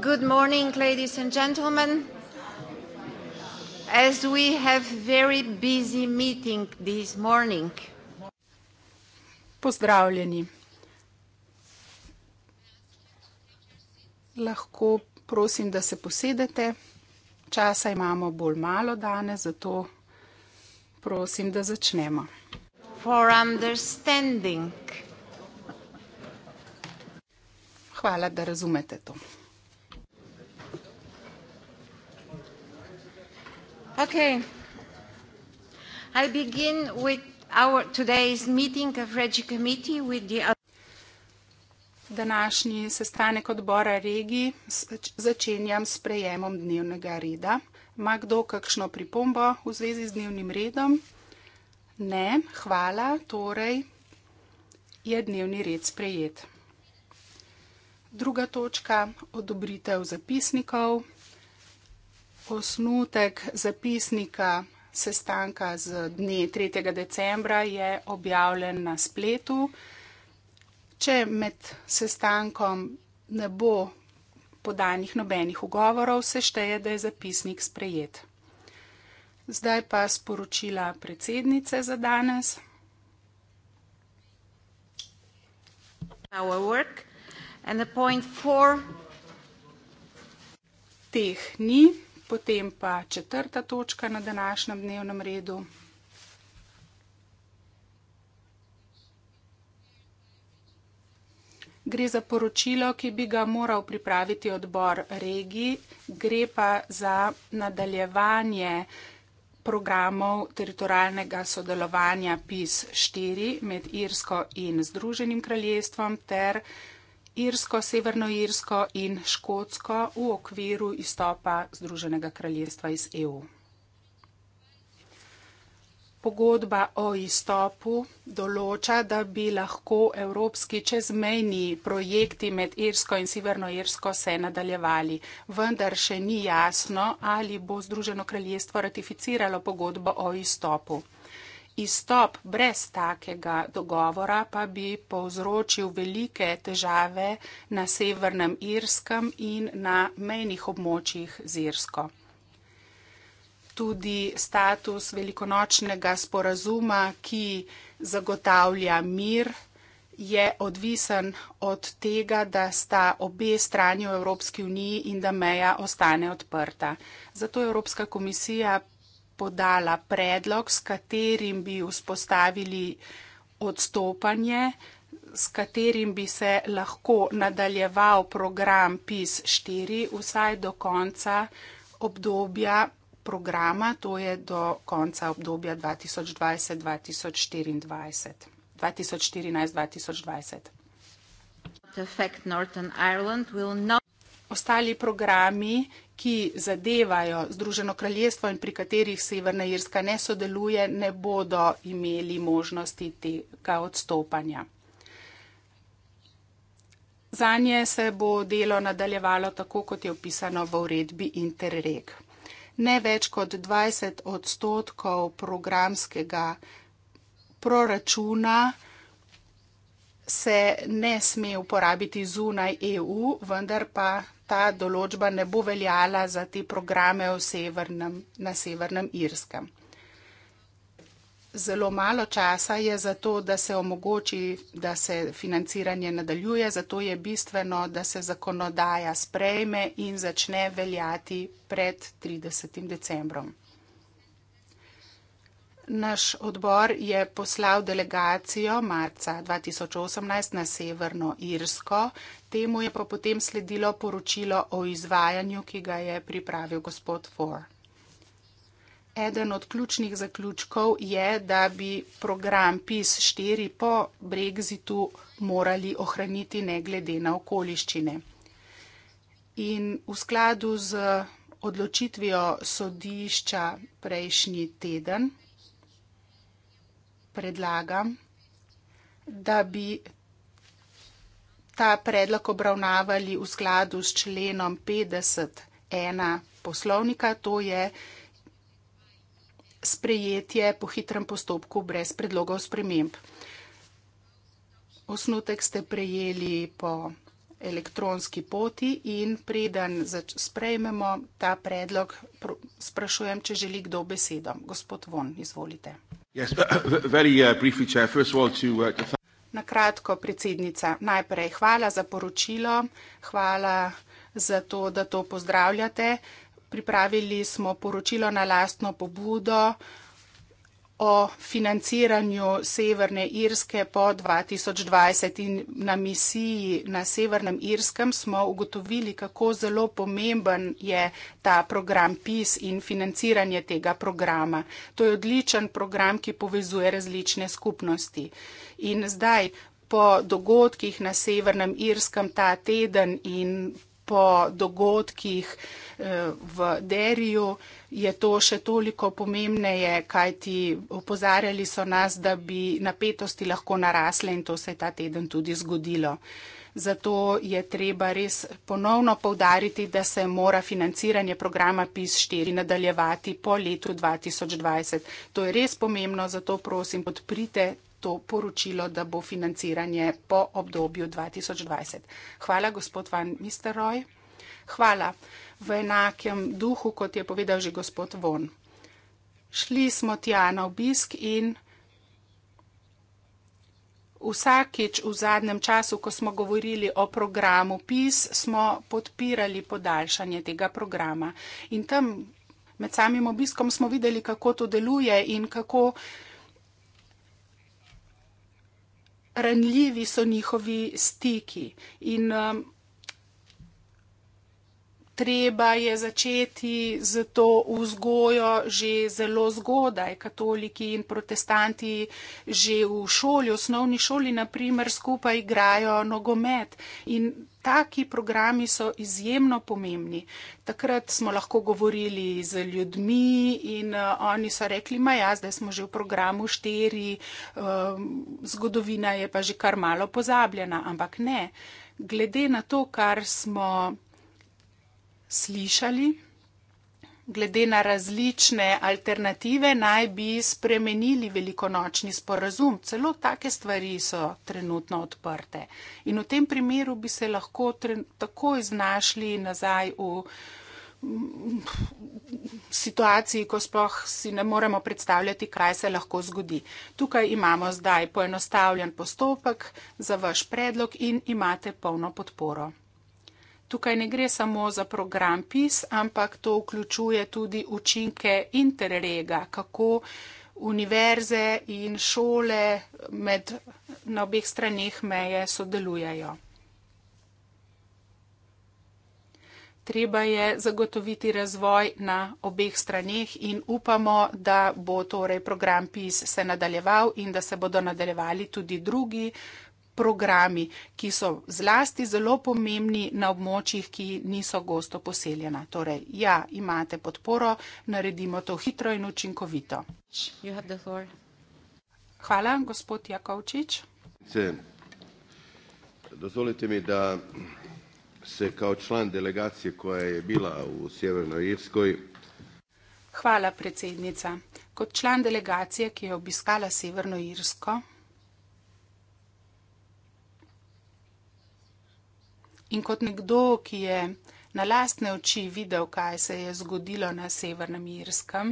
Good morning, ladies and gentlemen. As we have very busy meeting this morning. Pozdravljeni. Lahko prosim, da se posedete. Časa imamo bolj malo danes, zato prosim, da začnemo. For understanding. Hvala, da razumete to. Okay. I begin with our today's meeting of Regi Committee with the Današnji sestanek odbora regij začenjam s prejemom dnevnega reda. Ma kdo kakšno pripombo v zvezi z dnevnim redom? Ne, hvala, torej je dnevni red sprejet. Druga točka, odobritev zapisnikov. Osnutek zapisnika sestanka z dne 3. decembra je objavljen na spletu. Če med sestankom ne bo podanih nobenih ugovorov, se šteje, da je zapisnik sprejet. Zdaj pa sporočila predsednice za danes. Teh ni. Potem pa četrta točka na današnjem dnevnem redu. Gre za poročilo, ki bi ga moral pripraviti odbor regij, gre pa za nadaljevanje programov teritorijalnega sodelovanja PIS-4 med Irsko in Združenim kraljestvom ter Irsko, Severno Irsko in Škotsko v okviru izstopa Združenega kraljestva iz EU. Pogodba o izstopu določa, da bi lahko evropski čezmejni projekti med Irsko in Severno Irsko se nadaljevali, vendar še ni jasno, ali bo Združeno kraljestvo ratificiralo pogodbo o izstopu izstop brez takega dogovora pa bi povzročil velike težave na severnem Irskem in na mejnih območjih z Irsko. Tudi status velikonočnega sporazuma, ki zagotavlja mir, je odvisen od tega, da sta obe strani v Evropski uniji in da meja ostane odprta. Zato je Evropska komisija podala predlog, s katerim bi vzpostavili odstopanje, s katerim bi se lahko nadaljeval program PIS 4 vsaj do konca obdobja programa, to je do konca obdobja 2020-2024. 2014-2020 ostali programi, ki zadevajo Združeno kraljestvo in pri katerih Severna Irska ne sodeluje, ne bodo imeli možnosti tega odstopanja. Za nje se bo delo nadaljevalo tako, kot je opisano v uredbi Interreg. Ne več kot 20 odstotkov programskega proračuna se ne sme uporabiti zunaj EU, vendar pa ta določba ne bo veljala za te programe severnem, na severnem Irskem. Zelo malo časa je za to, da se omogoči, da se financiranje nadaljuje, zato je bistveno, da se zakonodaja sprejme in začne veljati pred 30. decembrom. Naš odbor je poslal delegacijo marca 2018 na Severno Irsko, Temu je pa potem sledilo poročilo o izvajanju, ki ga je pripravil gospod Ford. Eden od ključnih zaključkov je, da bi program PIS 4 po Brexitu morali ohraniti ne glede na okoliščine. In v skladu z odločitvijo sodišča prejšnji teden predlagam, da bi ta predlog obravnavali v skladu s členom 51 poslovnika, to je sprejetje po hitrem postopku brez predlogov sprememb. Osnutek ste prejeli po elektronski poti in preden sprejmemo ta predlog, sprašujem, če želi kdo besedo. Gospod Von, izvolite. Yes, very, uh, briefly, Chair. First of all, to, uh, to Na kratko, predsednica, najprej hvala za poročilo, hvala za to, da to pozdravljate. Pripravili smo poročilo na lastno pobudo, o financiranju Severne Irske po 2020 in na misiji na Severnem Irskem smo ugotovili, kako zelo pomemben je ta program PIS in financiranje tega programa. To je odličen program, ki povezuje različne skupnosti. In zdaj po dogodkih na Severnem Irskem ta teden in po dogodkih eh, v Deriju je to še toliko pomembneje, kajti opozarjali so nas, da bi napetosti lahko narasle in to se je ta teden tudi zgodilo. Zato je treba res ponovno povdariti, da se mora financiranje programa PIS 4 nadaljevati po letu 2020. To je res pomembno, zato prosim, podprite to poročilo, da bo financiranje po obdobju 2020. Hvala, gospod Van Misteroj. Hvala. V enakem duhu, kot je povedal že gospod Von. Šli smo tja na obisk in vsakič v zadnjem času, ko smo govorili o programu PIS, smo podpirali podaljšanje tega programa. In tam med samim obiskom smo videli, kako to deluje in kako ranljivi so njihovi stiki in um, treba je začeti z to vzgojo že zelo zgodaj. Katoliki in protestanti že v šoli, osnovni šoli naprimer, skupaj igrajo nogomet in taki programi so izjemno pomembni. Takrat smo lahko govorili z ljudmi in uh, oni so rekli, ma ja, zdaj smo že v programu šteri, um, eh, zgodovina je pa že kar malo pozabljena, ampak ne. Glede na to, kar smo slišali, glede na različne alternative naj bi spremenili velikonočni sporazum. Celo take stvari so trenutno odprte. In v tem primeru bi se lahko tako iznašli nazaj v situaciji, ko sploh si ne moremo predstavljati, kaj se lahko zgodi. Tukaj imamo zdaj poenostavljen postopek za vaš predlog in imate polno podporo. Tukaj ne gre samo za program PIS, ampak to vključuje tudi učinke interrega, kako univerze in šole med, na obeh straneh meje sodelujejo. Treba je zagotoviti razvoj na obeh straneh in upamo, da bo torej program PIS se nadaljeval in da se bodo nadaljevali tudi drugi programi, ki so zlasti zelo pomembni na območjih, ki niso gosto poseljena. Torej, ja, imate podporo, naredimo to hitro in učinkovito. Hvala, gospod Jakovčič. Se, dozvolite mi, da se kao član delegacije, koja je bila v Severnoj Irskoj. Hvala, predsednica. Kot član delegacije, ki je obiskala Severno Irsko, in kot nekdo, ki je na lastne oči videl, kaj se je zgodilo na Severnem Irskem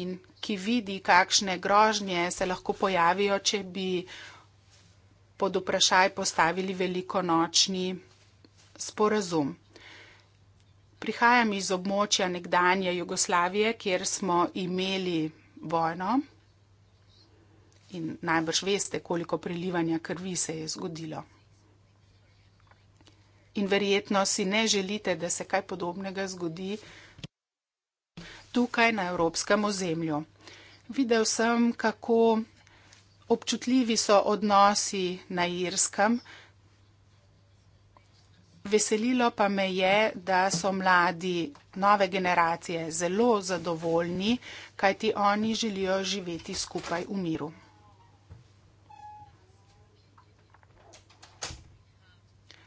in ki vidi, kakšne grožnje se lahko pojavijo, če bi pod vprašaj postavili veliko nočni sporazum. Prihajam iz območja nekdanje Jugoslavije, kjer smo imeli vojno. In najbrž veste, koliko prelivanja krvi se je zgodilo. In verjetno si ne želite, da se kaj podobnega zgodi tukaj na evropskem ozemlju. Videl sem, kako občutljivi so odnosi na Irskem. Veselilo pa me je, da so mladi nove generacije zelo zadovoljni, kajti oni želijo živeti skupaj v miru.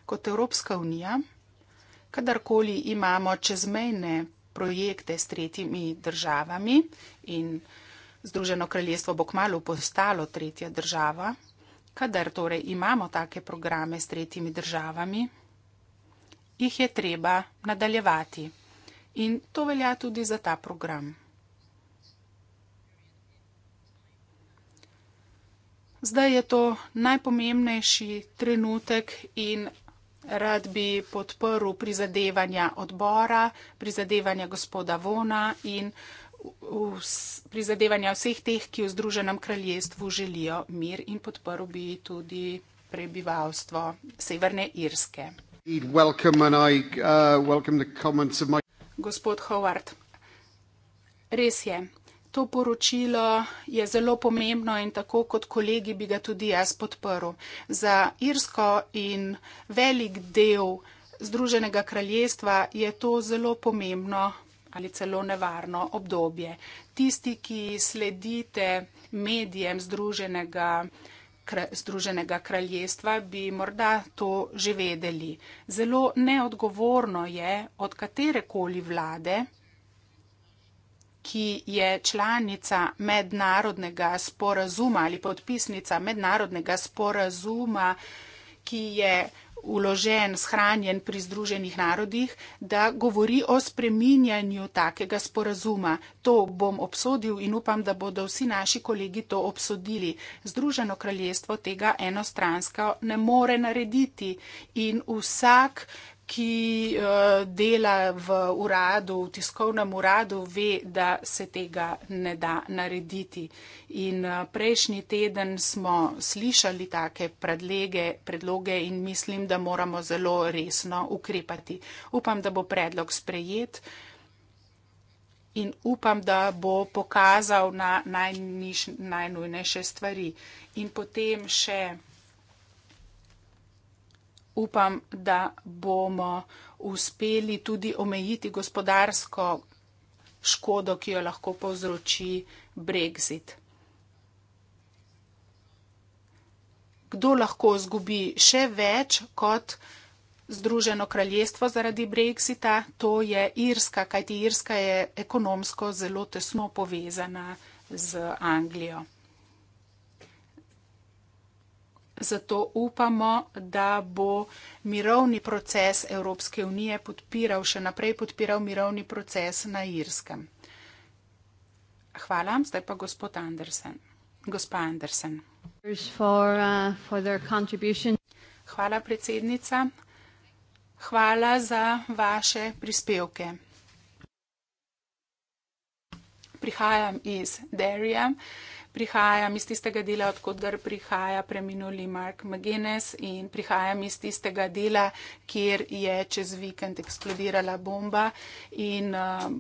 kot Evropska unija, kadarkoli imamo čezmejne projekte s tretjimi državami in Združeno kraljestvo bo kmalo postalo tretja država, kadar torej imamo take programe s tretjimi državami, jih je treba nadaljevati. In to velja tudi za ta program. Zdaj je to najpomembnejši trenutek in rad bi podprl prizadevanja odbora, prizadevanja gospoda Vona in prizadevanja vseh teh, ki v Združenem kraljestvu želijo mir in podprl bi tudi prebivalstvo Severne Irske. Uh, Gospod Howard, res je, to poročilo je zelo pomembno in tako kot kolegi bi ga tudi jaz podprl. Za Irsko in velik del Združenega kraljestva je to zelo pomembno ali celo nevarno obdobje. Tisti, ki sledite medijem Združenega, kr Združenega kraljestva, bi morda to že vedeli. Zelo neodgovorno je od katerekoli vlade, ki je članica mednarodnega sporazuma ali podpisnica mednarodnega sporazuma, ki je uložen, shranjen pri Združenih narodih, da govori o spreminjanju takega sporazuma. To bom obsodil in upam, da bodo vsi naši kolegi to obsodili. Združeno kraljestvo tega enostransko ne more narediti in vsak ki uh, dela v uradu, v tiskovnem uradu, ve, da se tega ne da narediti. In uh, prejšnji teden smo slišali take predlege, predloge in mislim, da moramo zelo resno ukrepati. Upam, da bo predlog sprejet. In upam, da bo pokazal na najniš, najnujnejše stvari. In potem še upam, da bomo uspeli tudi omejiti gospodarsko škodo, ki jo lahko povzroči Brexit. Kdo lahko zgubi še več kot Združeno kraljestvo zaradi Brexita? To je Irska, kajti Irska je ekonomsko zelo tesno povezana z Anglijo. Zato upamo, da bo mirovni proces Evropske unije podpiral, še naprej podpiral mirovni proces na Irskem. Hvala, zdaj pa gospod Andersen. Gospa Andersen. Uh, Hvala, predsednica. Hvala za vaše prispevke prihajam iz Derija, prihajam iz tistega dela, odkudar prihaja preminuli Mark McGuinness in prihajam iz tistega dela, kjer je čez vikend eksplodirala bomba in um,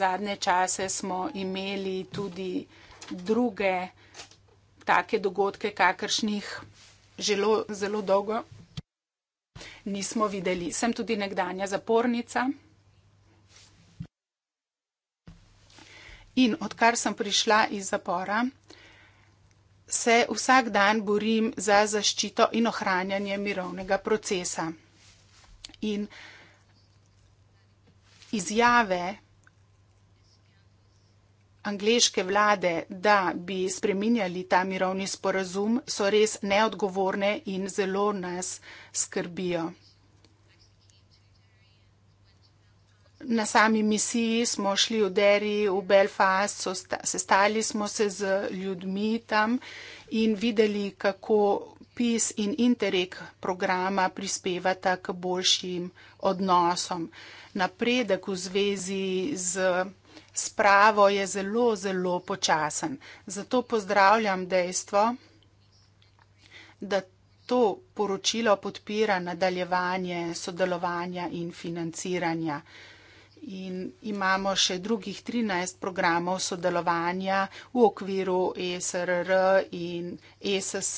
zadnje čase smo imeli tudi druge take dogodke, kakršnih želo, zelo dolgo nismo videli. Sem tudi nekdanja zapornica. In odkar sem prišla iz zapora, se vsak dan borim za zaščito in ohranjanje mirovnega procesa. In izjave angleške vlade, da bi spreminjali ta mirovni sporazum, so res neodgovorne in zelo nas skrbijo. Na sami misiji smo šli v Deri, v Belfast, sestali smo se z ljudmi tam in videli, kako PIS in Interreg programa prispevata k boljšim odnosom. Napredek v zvezi z spravo je zelo, zelo počasen. Zato pozdravljam dejstvo, da to poročilo podpira nadaljevanje sodelovanja in financiranja in imamo še drugih 13 programov sodelovanja v okviru ESRR in ESS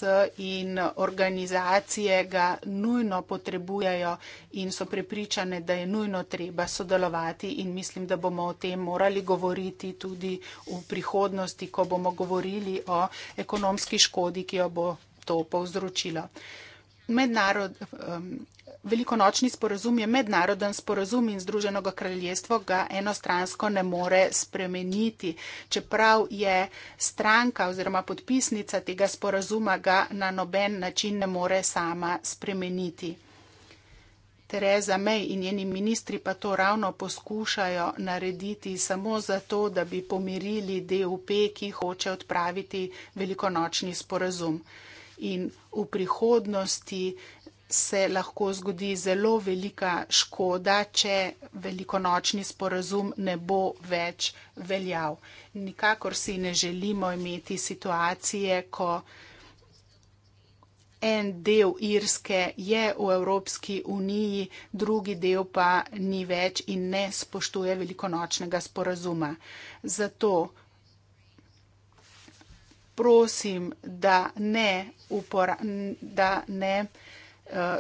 in organizacije ga nujno potrebujejo in so prepričane, da je nujno treba sodelovati in mislim, da bomo o tem morali govoriti tudi v prihodnosti, ko bomo govorili o ekonomski škodi, ki jo bo to povzročilo. Mednarod, velikonočni sporazum je mednaroden sporazum in Združenega kraljestva ga enostransko ne more spremeniti. Čeprav je stranka oziroma podpisnica tega sporazuma ga na noben način ne more sama spremeniti. Tereza May in njeni ministri pa to ravno poskušajo narediti samo zato, da bi pomirili DUP, ki hoče odpraviti velikonočni sporazum. In v prihodnosti se lahko zgodi zelo velika škoda, če velikonočni sporazum ne bo več veljav. Nikakor si ne želimo imeti situacije, ko en del Irske je v Evropski uniji, drugi del pa ni več in ne spoštuje velikonočnega sporazuma. Zato prosim, da ne, upora, da ne uh,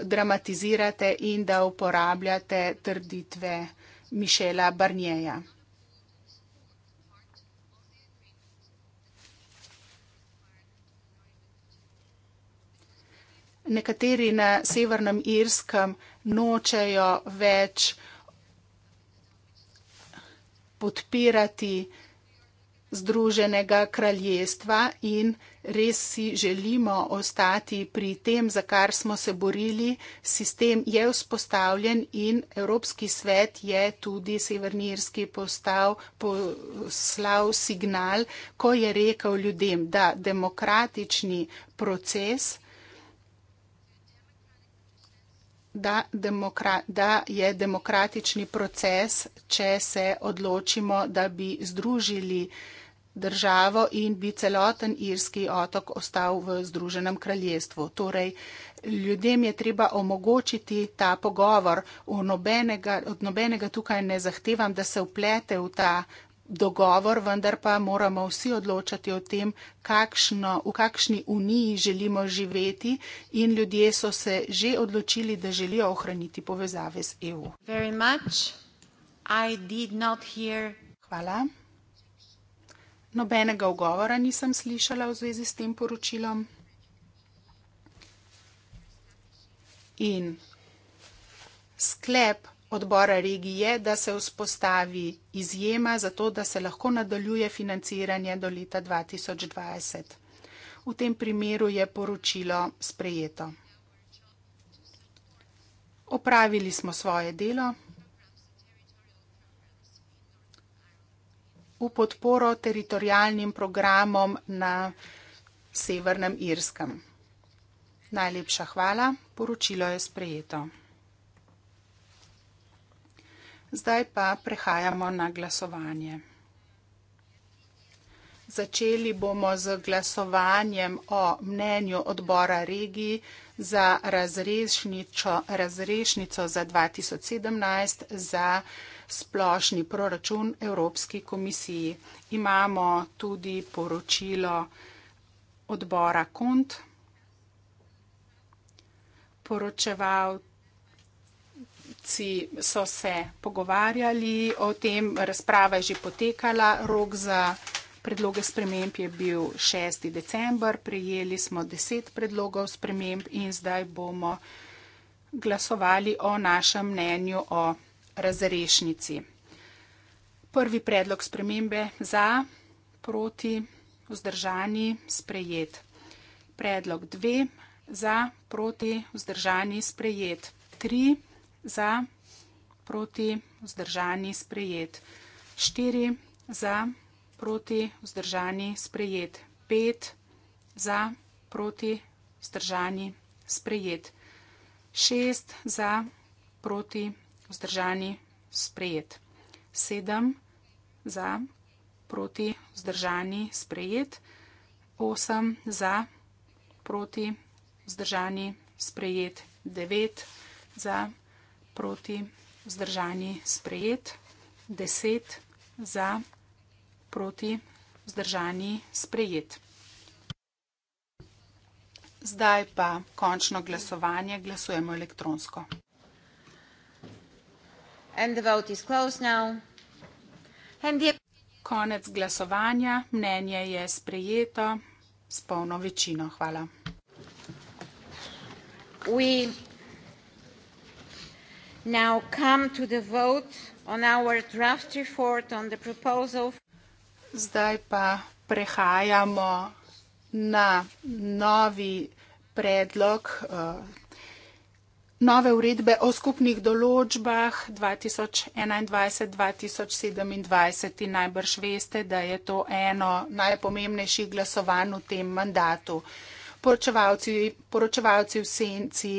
dramatizirate in da uporabljate trditve Mišela Barnjeja. Nekateri na Severnem Irskem nočejo več podpirati vsega, Združenega kraljestva in res si želimo ostati pri tem, za kar smo se borili. Sistem je vzpostavljen in Evropski svet je tudi severnirski postav poslal signal, ko je rekel ljudem, da demokratični proces. Da, demokra da je demokratični proces, če se odločimo, da bi združili uh, državo in bi celoten irski otok ostal v Združenem kraljestvu. Torej, ljudem je treba omogočiti ta pogovor. Nobenega, od nobenega tukaj ne zahtevam, da se vplete v ta dogovor, vendar pa moramo vsi odločati o tem, kakšno, v kakšni uniji želimo živeti in ljudje so se že odločili, da želijo ohraniti povezave z EU. Hvala. Nobenega ugovora nisem slišala v zvezi s tem poročilom. In sklep odbora regije je, da se vzpostavi izjema za to, da se lahko nadaljuje financiranje do leta 2020. V tem primeru je poročilo sprejeto. Opravili smo svoje delo. v podporo teritorijalnim programom na Severnem Irskem. Najlepša hvala, poročilo je sprejeto. Zdaj pa prehajamo na glasovanje. Začeli bomo z glasovanjem o mnenju odbora regiji za razrešnico, razrešnico za 2017 za splošni proračun Evropski komisiji. Imamo tudi poročilo odbora KONT. Poročevalci so se pogovarjali o tem, razprava je že potekala, rok za predloge sprememb je bil 6. decembar, prejeli smo 10 predlogov sprememb in zdaj bomo glasovali o našem mnenju o razrešnici. Prvi predlog spremembe za, proti, vzdržani, sprejet. Predlog 2 za, proti, vzdržani, sprejet. 3 za, proti, vzdržani, sprejet. 4 za, proti proti, vzdržani, sprejet. Pet za, proti, vzdržani, sprejet. Šest za, proti, vzdržani, sprejet. Sedem za, proti, vzdržani, sprejet. Osem za, proti, vzdržani, sprejet. Devet za, proti, vzdržani, sprejet. Deset za, proti, vzdržani, sprejet proti vzdržani sprejet. Zdaj pa končno glasovanje. Glasujemo elektronsko. Konec glasovanja. Mnenje je sprejeto s polno večino. Hvala. We now come to the vote on our draft report on the proposal. Zdaj pa prehajamo na novi predlog eh, nove uredbe o skupnih določbah 2021-2027 in najbrž veste, da je to eno najpomembnejših glasovanj v tem mandatu. Poročevalci, poročevalci v senci,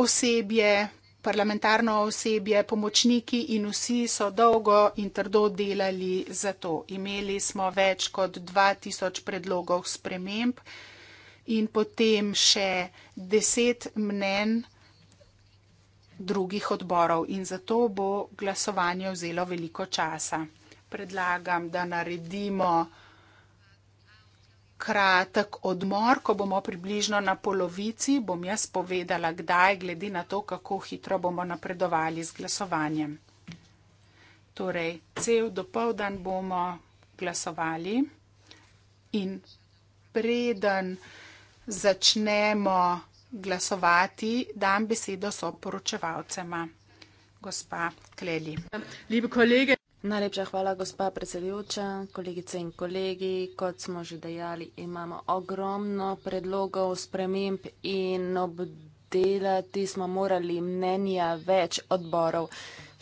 osebje, parlamentarno osebje, pomočniki in vsi so dolgo in trdo delali za to. Imeli smo več kot 2000 predlogov sprememb in potem še deset mnen drugih odborov in zato bo glasovanje vzelo veliko časa. Predlagam, da naredimo kratek odmor, ko bomo približno na polovici, bom jaz povedala, kdaj, glede na to, kako hitro bomo napredovali z glasovanjem. Torej, cel dopoldan bomo glasovali in preden začnemo glasovati, dam besedo soporočevalcema. Gospa Kleli. Liebe kolege. Najlepša hvala, gospa predsedujoča, kolegice in kolegi. Kot smo že dejali, imamo ogromno predlogov sprememb in obdelati smo morali mnenja več odborov.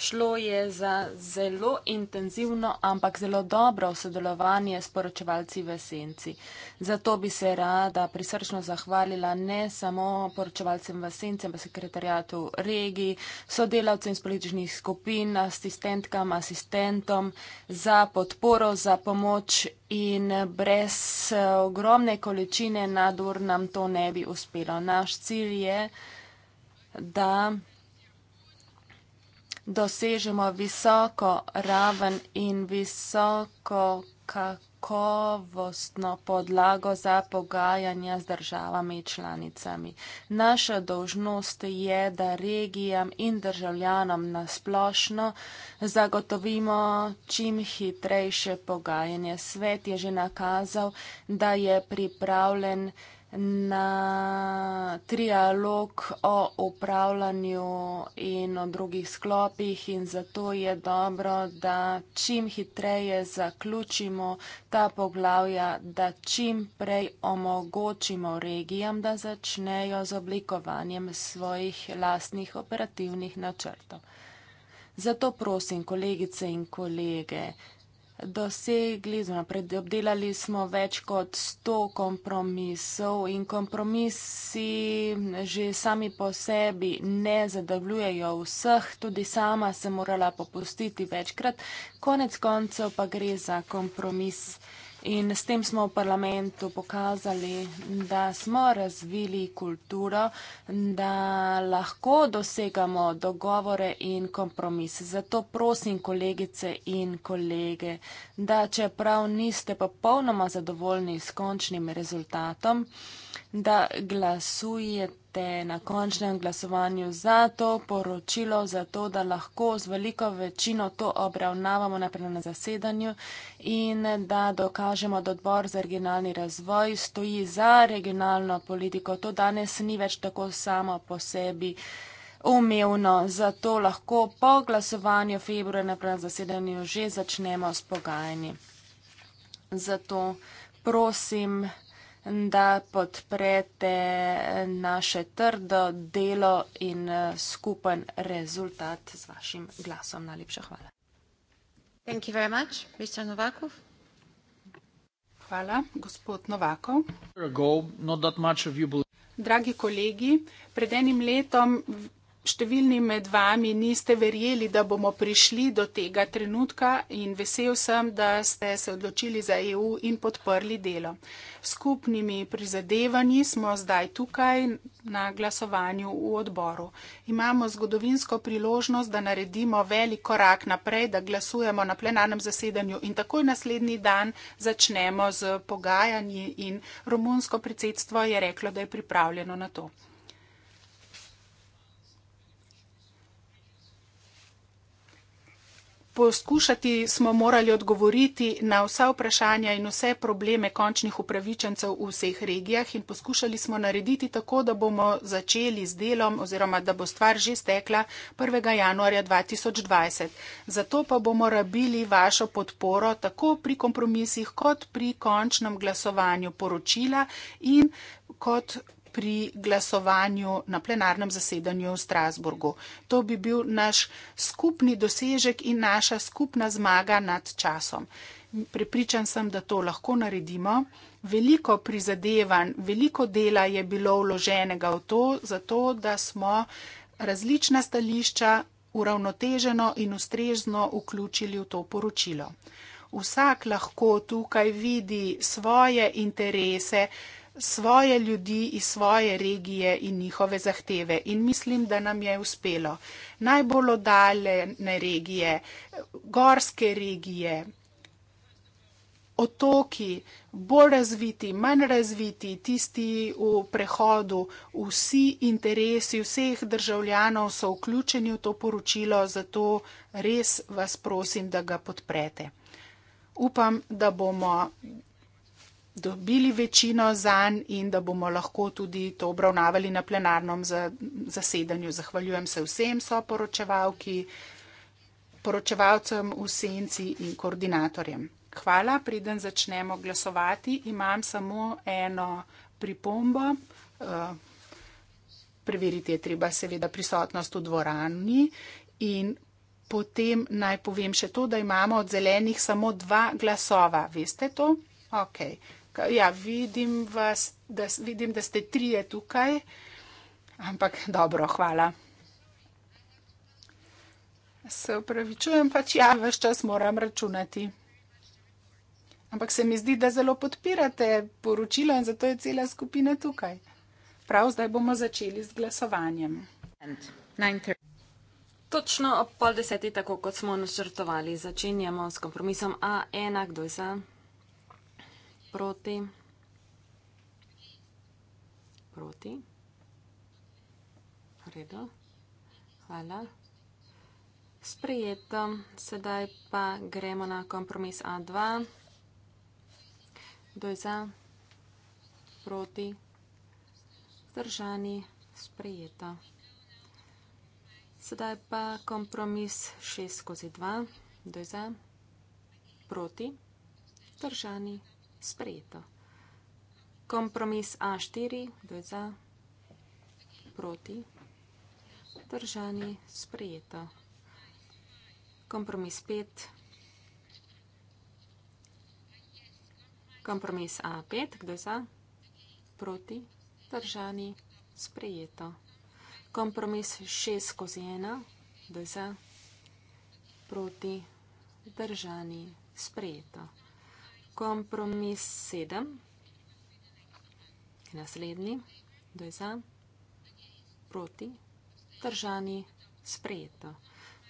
Šlo je za zelo intenzivno, ampak zelo dobro sodelovanje s poročevalci v Senci. Zato bi se rada prisrčno zahvalila ne samo poročevalcem v Senci, ampak sekretarjatu regiji, sodelavcem iz političnih skupin, asistentkam, asistentom za podporo, za pomoč in brez ogromne količine nadur nam to ne bi uspelo. Naš cilj je, da dosežemo visoko raven in visoko kakovostno podlago za pogajanja z državami članicami. Naša dožnost je, da regijam in državljanom nasplošno zagotovimo čim hitrejše pogajanje. Svet je že nakazal, da je pripravljen na trialog o upravljanju in o drugih sklopih in zato je dobro, da čim hitreje zaključimo ta poglavja, da čim prej omogočimo regijam, da začnejo z oblikovanjem svojih lastnih operativnih načrtov. Zato prosim, kolegice in kolege, dosegli, oziroma predobdelali smo več kot 100 kompromisov in kompromisi že sami po sebi ne zadovoljujejo vseh, tudi sama sem morala popustiti večkrat, konec koncev pa gre za kompromis. In s tem smo v parlamentu pokazali, da smo razvili kulturo, da lahko dosegamo dogovore in kompromis. Zato prosim kolegice in kolege, da čeprav niste popolnoma zadovoljni s končnim rezultatom, da glasujete na končnem glasovanju za to poročilo, za to, da lahko z veliko večino to obravnavamo naprej na zasedanju in da dokažemo, da odbor za regionalni razvoj stoji za regionalno politiko. To danes ni več tako samo po sebi. Umevno, zato lahko po glasovanju februarja naprej na zasedanju že začnemo s pogajanji. Zato prosim, da podprete naše trdo delo in eh, skupen rezultat z vašim glasom. Najlepša hvala. Thank you very much, Mr. Novakov. Hvala, gospod Novakov. Ago, Dragi kolegi, pred enim letom Številni med vami niste verjeli, da bomo prišli do tega trenutka in vesel sem, da ste se odločili za EU in podprli delo. Skupnimi prizadevanji smo zdaj tukaj na glasovanju v odboru. Imamo zgodovinsko priložnost, da naredimo velik korak naprej, da glasujemo na plenarnem zasedanju in takoj naslednji dan začnemo z pogajanji in romunsko predsedstvo je reklo, da je pripravljeno na to. poskušati smo morali odgovoriti na vsa vprašanja in vse probleme končnih upravičencev v vseh regijah in poskušali smo narediti tako, da bomo začeli z delom oziroma da bo stvar že stekla 1. januarja 2020. Zato pa bomo rabili vašo podporo tako pri kompromisih kot pri končnem glasovanju poročila in kot pri glasovanju na plenarnem zasedanju v Strasburgu. To bi bil naš skupni dosežek in naša skupna zmaga nad časom. Pripričan sem, da to lahko naredimo. Veliko prizadevanj, veliko dela je bilo vloženega v to, zato da smo različna stališča uravnoteženo in ustrezno vključili v to poročilo. Vsak lahko tukaj vidi svoje interese, svoje ljudi iz svoje regije in njihove zahteve. In mislim, da nam je uspelo. Najbolj oddaljene regije, gorske regije, otoki, bolj razviti, manj razviti, tisti v prehodu, vsi interesi vseh državljanov so vključeni v to poročilo, zato res vas prosim, da ga podprete. Upam, da bomo dobili večino za njen in da bomo lahko tudi to obravnavali na plenarnem zasedanju. Zahvaljujem se vsem soporočevalki, poročevalcem v senci in koordinatorjem. Hvala, preden začnemo glasovati, imam samo eno pripombo. Eh, preveriti je treba seveda prisotnost v dvorani in potem naj povem še to, da imamo od zelenih samo dva glasova. Veste to? Okay ja, vidim, vas, da, vidim, da ste trije tukaj, ampak dobro, hvala. Se upravičujem, pač ja, veš čas moram računati. Ampak se mi zdi, da zelo podpirate poročilo in zato je cela skupina tukaj. Prav zdaj bomo začeli z glasovanjem. Točno ob pol deseti, tako kot smo načrtovali, začenjamo s kompromisom A enak dojsa proti, proti, v redu, hvala. Sprejeto, sedaj pa gremo na kompromis A2. Kdo je za, proti, zdržani, sprejeto. Sedaj pa kompromis 6 skozi 2. Kdo je za, proti, zdržani, sprejeto sprejeto. Kompromis A4, kdo je za, proti, držani, sprejeto. Kompromis 5, kompromis A5, kdo je za, proti, držani, sprejeto. Kompromis 6 skozi 1, kdo je za, proti, držani, sprejeto kompromis 7, naslednji, do je za, proti, držani, sprejeto.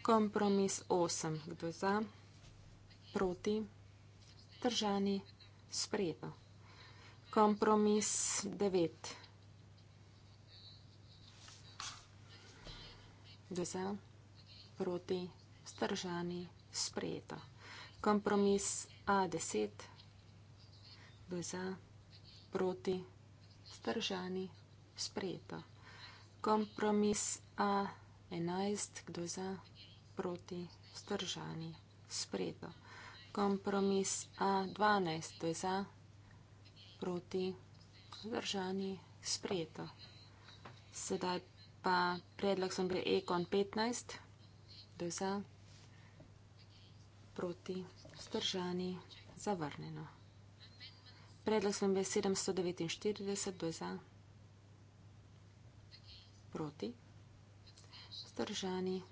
Kompromis 8, kdo je za, proti, držani, sprejeto. Kompromis 9, kdo je za, proti, držani, sprejeto. Kompromis A10, kdo je za, proti, držani, sprejeto odločitve za, proti, vzdržani, sprejeto. Kompromis A11, kdo za, proti, vzdržani, sprejeto. Kompromis A12, kdo za, proti, vzdržani, sprejeto. Sedaj pa predlog sem bil ekon 15, kdo za, proti, vzdržani, zavrneno. Predlog sem bil 749, kdo je za? Proti? Zdržani?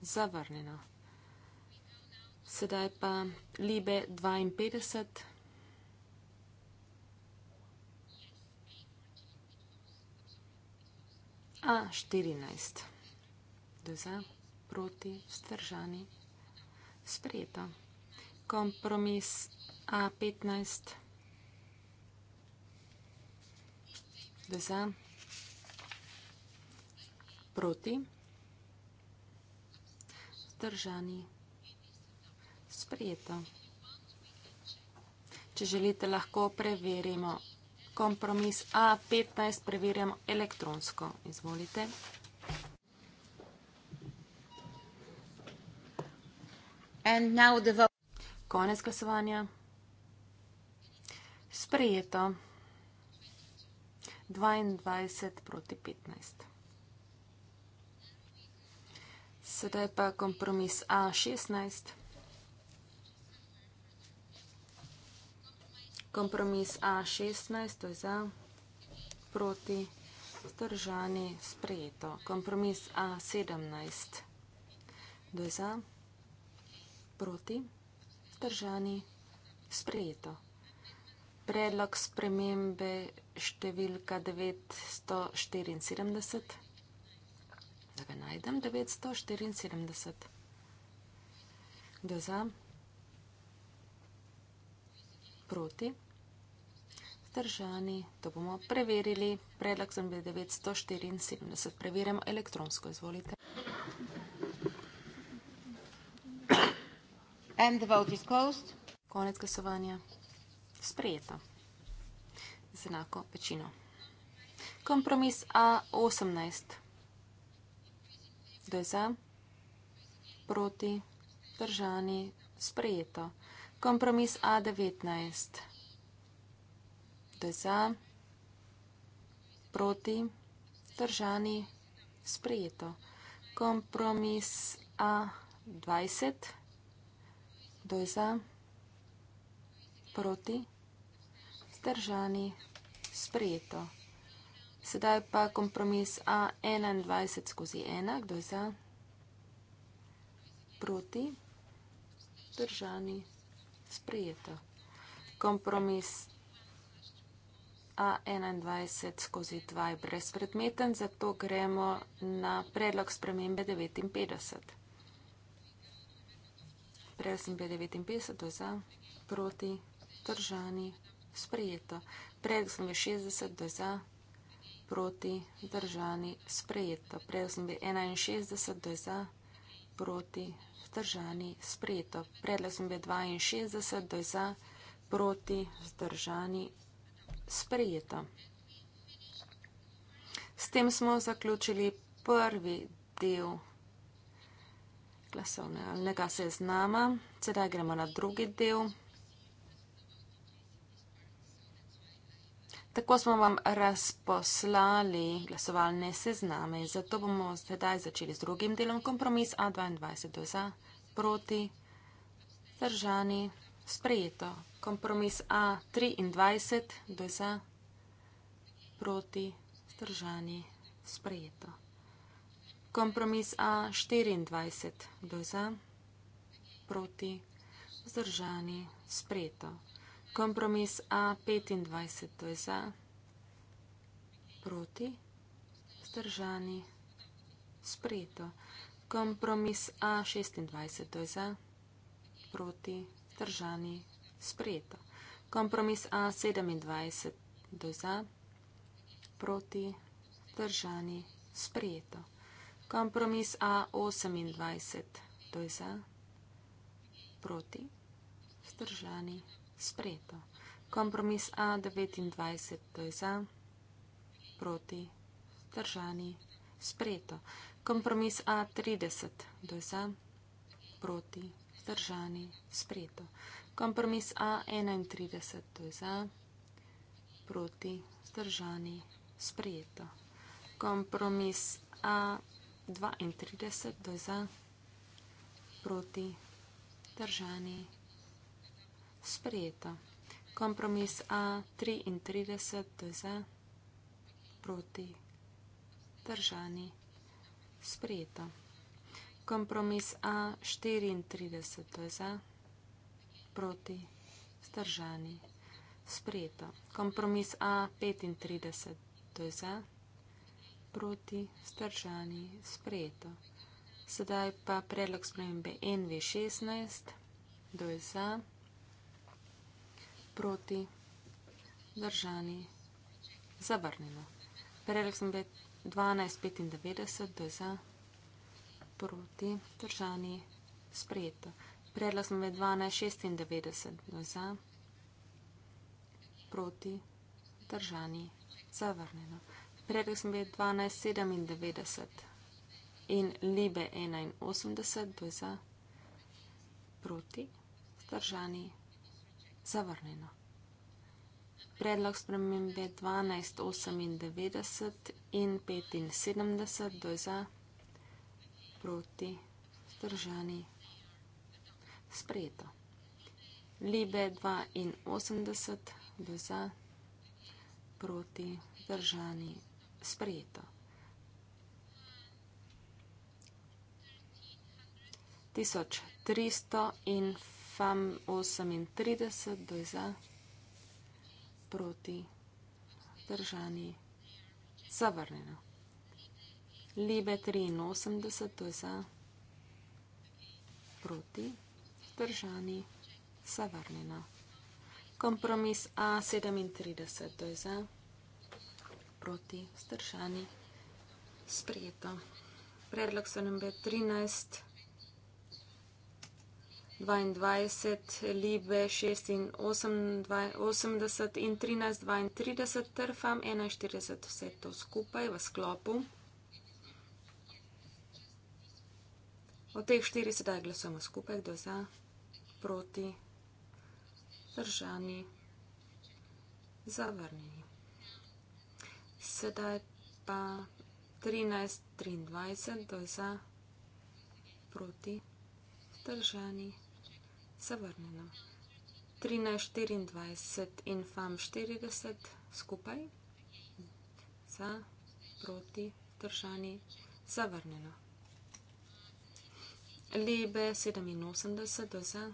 Zavrnjeno. Sedaj pa Libe 52. A 14. Do za, proti, vzdržani, sprejeto. Kompromis A 15. de ça proti zdržani sprijeto če želite lahko preverimo kompromis A15 preverjamo elektronsko izvolite And now the vote. Konec glasovanja. Sprejeto. 22 proti 15. Sedaj pa kompromis A16. Kompromis A16, to je za, proti, zdržani, sprejeto. Kompromis A17, to je za, proti, zdržani, sprejeto. Predlog spremembe številka 974. Da ga najdem 974. Kdo za? Proti? Držani, to bomo preverili. Predlog sem bil 974. Preverjamo elektronsko, izvolite. And the vote is closed. Konec glasovanja. Sprejeto enako večino. Kompromis A18. Kdo je za? Proti? Držani? Sprejeto. Kompromis A19. Kdo je za? Proti? Držani? Sprejeto. Kompromis A20. Kdo je za? Proti? Zdržani? Sprejeto sprejeto. Sedaj pa kompromis A21 skozi 1, kdo je za? Proti, držani, sprejeto. Kompromis A21 skozi 2 je brezpredmeten, zato gremo na predlog spremembe 59. Predlog spremembe 59, kdo je za? Proti, držani, sprejeto sprejeto. Prejel sem je 60, da za, proti, držani, sprejeto. Prejel sem je 61, da za, proti, držani, sprejeto. Prejel sem je 62, da za, proti, držani, sprejeto. S tem smo zaključili prvi del glasovnega seznama. Sedaj gremo na drugi del. Tako smo vam razposlali glasovalne sezname, zato bomo sedaj začeli z drugim delom. Kompromis A22 do za, proti, držani, sprejeto. Kompromis A23 do za, proti, držani, sprejeto. Kompromis A24 do za, proti, zdržani, sprejeto. Kompromis A25, to je za, proti, vzdržani, sprejeto. Kompromis A26, to je za, proti, vzdržani, sprejeto. Kompromis A27, to je za, proti, vzdržani, sprejeto. Kompromis A28, to je za, proti, vzdržani, sprejeto sprejeto. Kompromis A29, to je za, proti, držani, sprejeto. Kompromis A30, to je za, proti, držani, sprejeto. Kompromis A31, to je za, proti, držani, sprejeto. Kompromis A32, to je za, proti, držani, sprejeto sprejeta. Kompromis A 33 za proti držani sprejeta. Kompromis A 34 za proti zdržani sprejeta. Kompromis A 35 za proti zdržani sprejeta. Sedaj pa predlog spremembe NV16 do je za proti, držani, zavrnjeno. Predlog sem, da je 12.95, da je za, proti, držani, sprejeto. Predlog sem, da je 12.96, da je za, proti, držani, zavrnjeno. Predlog sem, da je 12.97 in libe 81, da je za, proti, držani, zavrnjeno zavrnjeno. Predlog spremembe 12, 98 in 75 do za proti zdržani sprejeto. Libe 82 do za proti zdržani sprejeto. Tisoč tristo in Fam 38, doj za, proti, držani, zavrnjeno. Libe 83, doj za, proti, držani, zavrnjeno. Kompromis A 37, doj za, proti, zdržani, sprijeto. Predlog so nam B 13, 22, Libe 86 in 13, 32 ter FAM 41, vse to skupaj v sklopu. Od teh 4 sedaj glasujemo skupaj, kdo za, proti, držani, zavrnjeni. Sedaj pa 13, 23, kdo za, proti, držani, zavrnjeni se vrnemo. 13, 24 in fam 40 skupaj, za, proti, držani, zavrnjeno. Lebe 87 do za,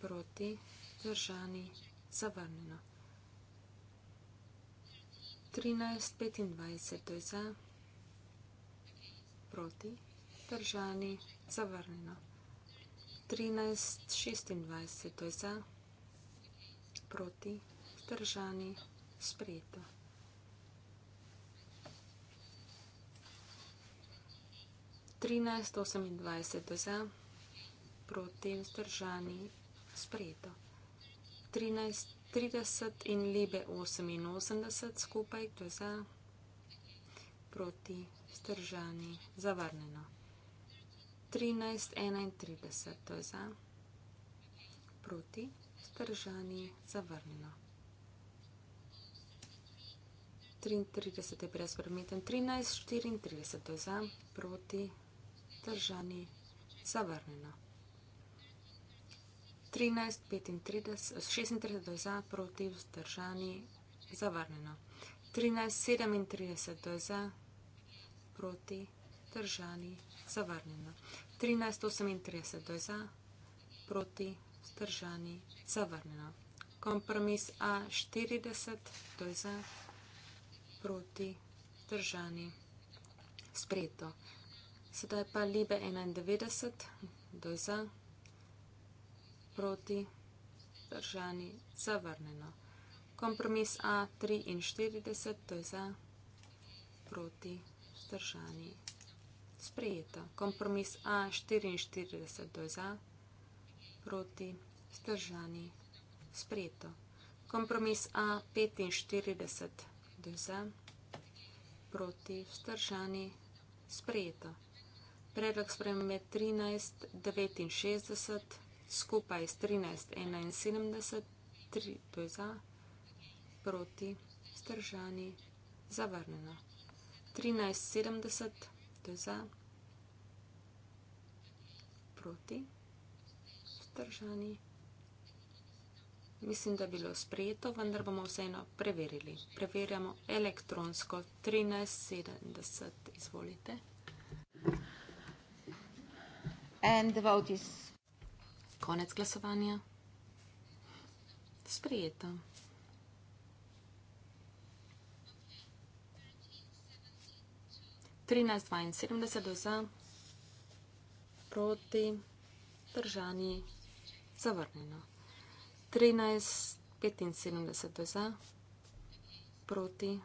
proti, držani, zavrnjeno. 13, 25 do za, proti, držani, zavrnjeno. 13, 25 do za, proti, držani, zavrnjeno. 13, 26, to je za, proti, zdržani, sprejeto. Trinajst, osemindvajset, za, proti, vzdržani, sprejeto. Trinajst, trideset in libe oseminosemdeset, skupaj, to je za, proti, vzdržani, zavrneno. Trinajst, osemindvajset, za, proti, vzdržani, sprejeto. 13, 31, to je za, proti, stržani, zavrnjeno. 33 je brezpredmeten, 13, 34, to je za, proti, stržani, zavrnjeno. 13, 35, 36, to je za, proti, stržani, zavrnjeno. 13, 37, to je za, proti, stržani, zavrnjeno. 13.38 to je za, proti, stržani, zavrnjeno. Kompromis A40 to je za, proti, stržani, sprejeto. Sedaj pa Libe 91 to je za, proti, stržani, zavrnjeno. Kompromis A43 to je za, proti, stržani, zavrnjeno sprejeta. Kompromis A 44 do za, proti stržani sprejeto. Kompromis A 45 do za, proti stržani sprejeto. Predlog spremembe 13 69 skupaj s 13 71 3 do za, proti stržani zavrnjeno. 13 70 do za poteza proti stržani. Mislim, da je bilo sprejeto, vendar bomo vseeno preverili. Preverjamo elektronsko 1370. Izvolite. Konec glasovanja. Sprejeto. 1372 za, proti, držani, zavrnjeno. 1375 za, proti,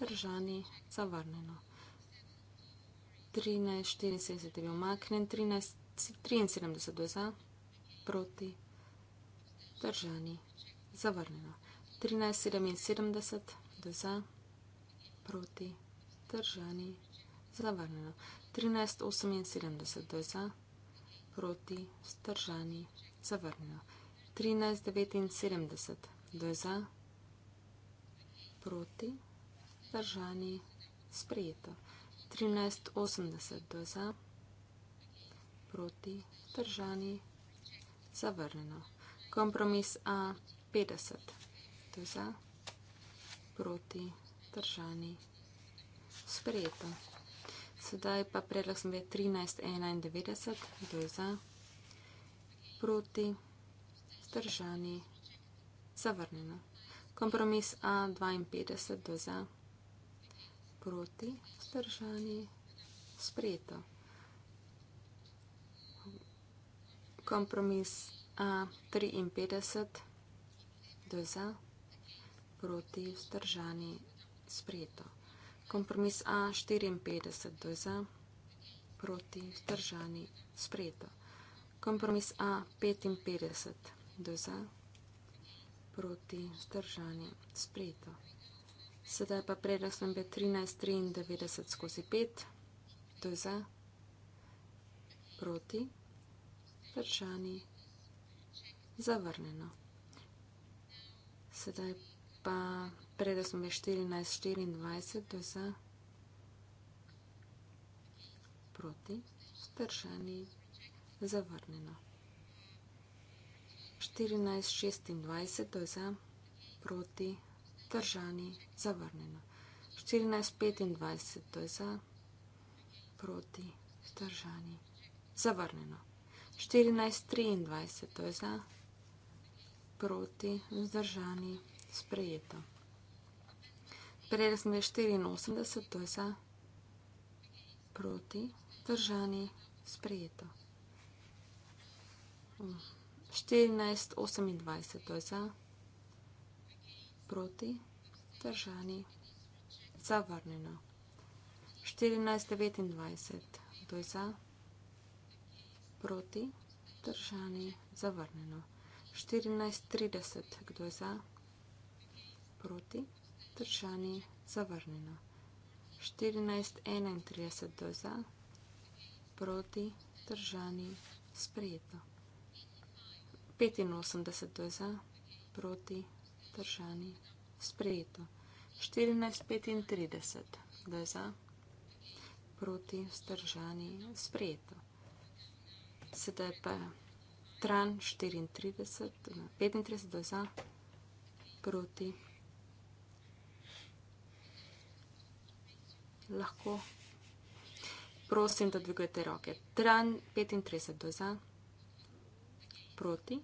držani, zavrnjeno. 1374 je bil umaknen, 1373 za, proti, držani, zavrnjeno. 1377 za, proti, držani, zavrnjeno zavrnjeno. 13.78 je za, proti, vzdržani, zavrnjeno. 13.79 je za, proti, vzdržani, sprejeto. 13.80 je za, proti, vzdržani, zavrnjeno. Kompromis A 50 je za, proti, vzdržani, sprejeto. Sprejeto. Sedaj pa predlog sem ve 13.91, kdo je za, proti, zdržani, zavrnjeno. Kompromis A 52, kdo je za, proti, zdržani, sprejeto. Kompromis A 53, kdo je za, proti, zdržani, sprejeto. Kompromis A 54 do za, proti vzdržani sprejeto. Kompromis A 55 do za, proti vzdržani sprejeto. Sedaj pa predlog sem B 1393 skozi 5 do za, proti vzdržani zavrnjeno. Sedaj pa Prej, da smo imeli 14, 24, to je za proti, stršani, zavrnjeno. 14, 26, to je za proti, stršani, zavrnjeno. 14, 25, to je za proti, stršani, zavrnjeno. 14, 23, to je za proti, zdržani, sprejeto. Prej smo imeli 84, to je za proti, držani, sprejeto. 14, 28, to je za proti, držani, zavrnjeno. 14, 29, to je za proti, držani, zavrnjeno. 14.30, kdo je za? Proti vzdržani, zavrnjeno. 14, 31 do za, proti, vzdržani, sprejeto. 85 do za, proti, vzdržani, sprejeto. 14, 35 do za, proti, vzdržani, sprejeto. Sedaj pa tran 34, 35 do za, proti, vzdržani. lahko. Prosim, da dvigujete roke. Tran 35 do za, proti.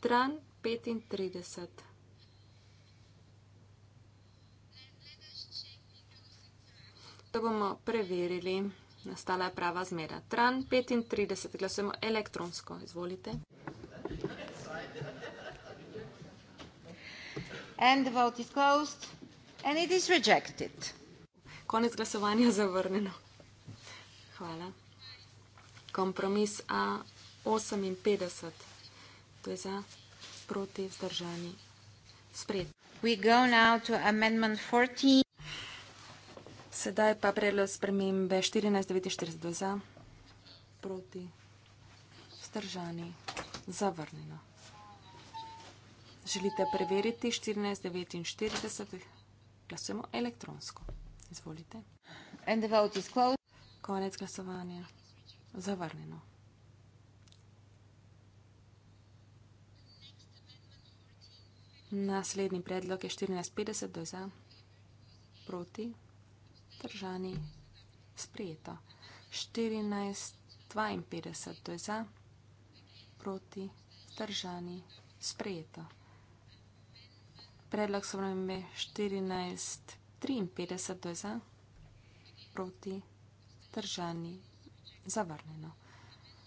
Tran 35. To bomo preverili. Nastala je prava zmeda. Tran 35, glasujemo elektronsko. Izvolite. And the vote is closed and it is rejected. Konec glasovanja zavrnjeno. Hvala. Kompromis A 58. To je za proti vzdržani spred. We go now to amendment 14. Sedaj pa predlog spremembe 14.49 za proti vzdržani zavrnjeno. Želite preveriti 14.49? Glasujemo elektronsko. Izvolite. And the vote is closed. Konec glasovanja. Zavrnjeno. Naslednji predlog je 14.50 do za, proti, držani, sprejeto. 14.52 do za, proti, držani, sprejeto. Predlog so vam je 14.53, to je za, proti, držani, zavrnjeno.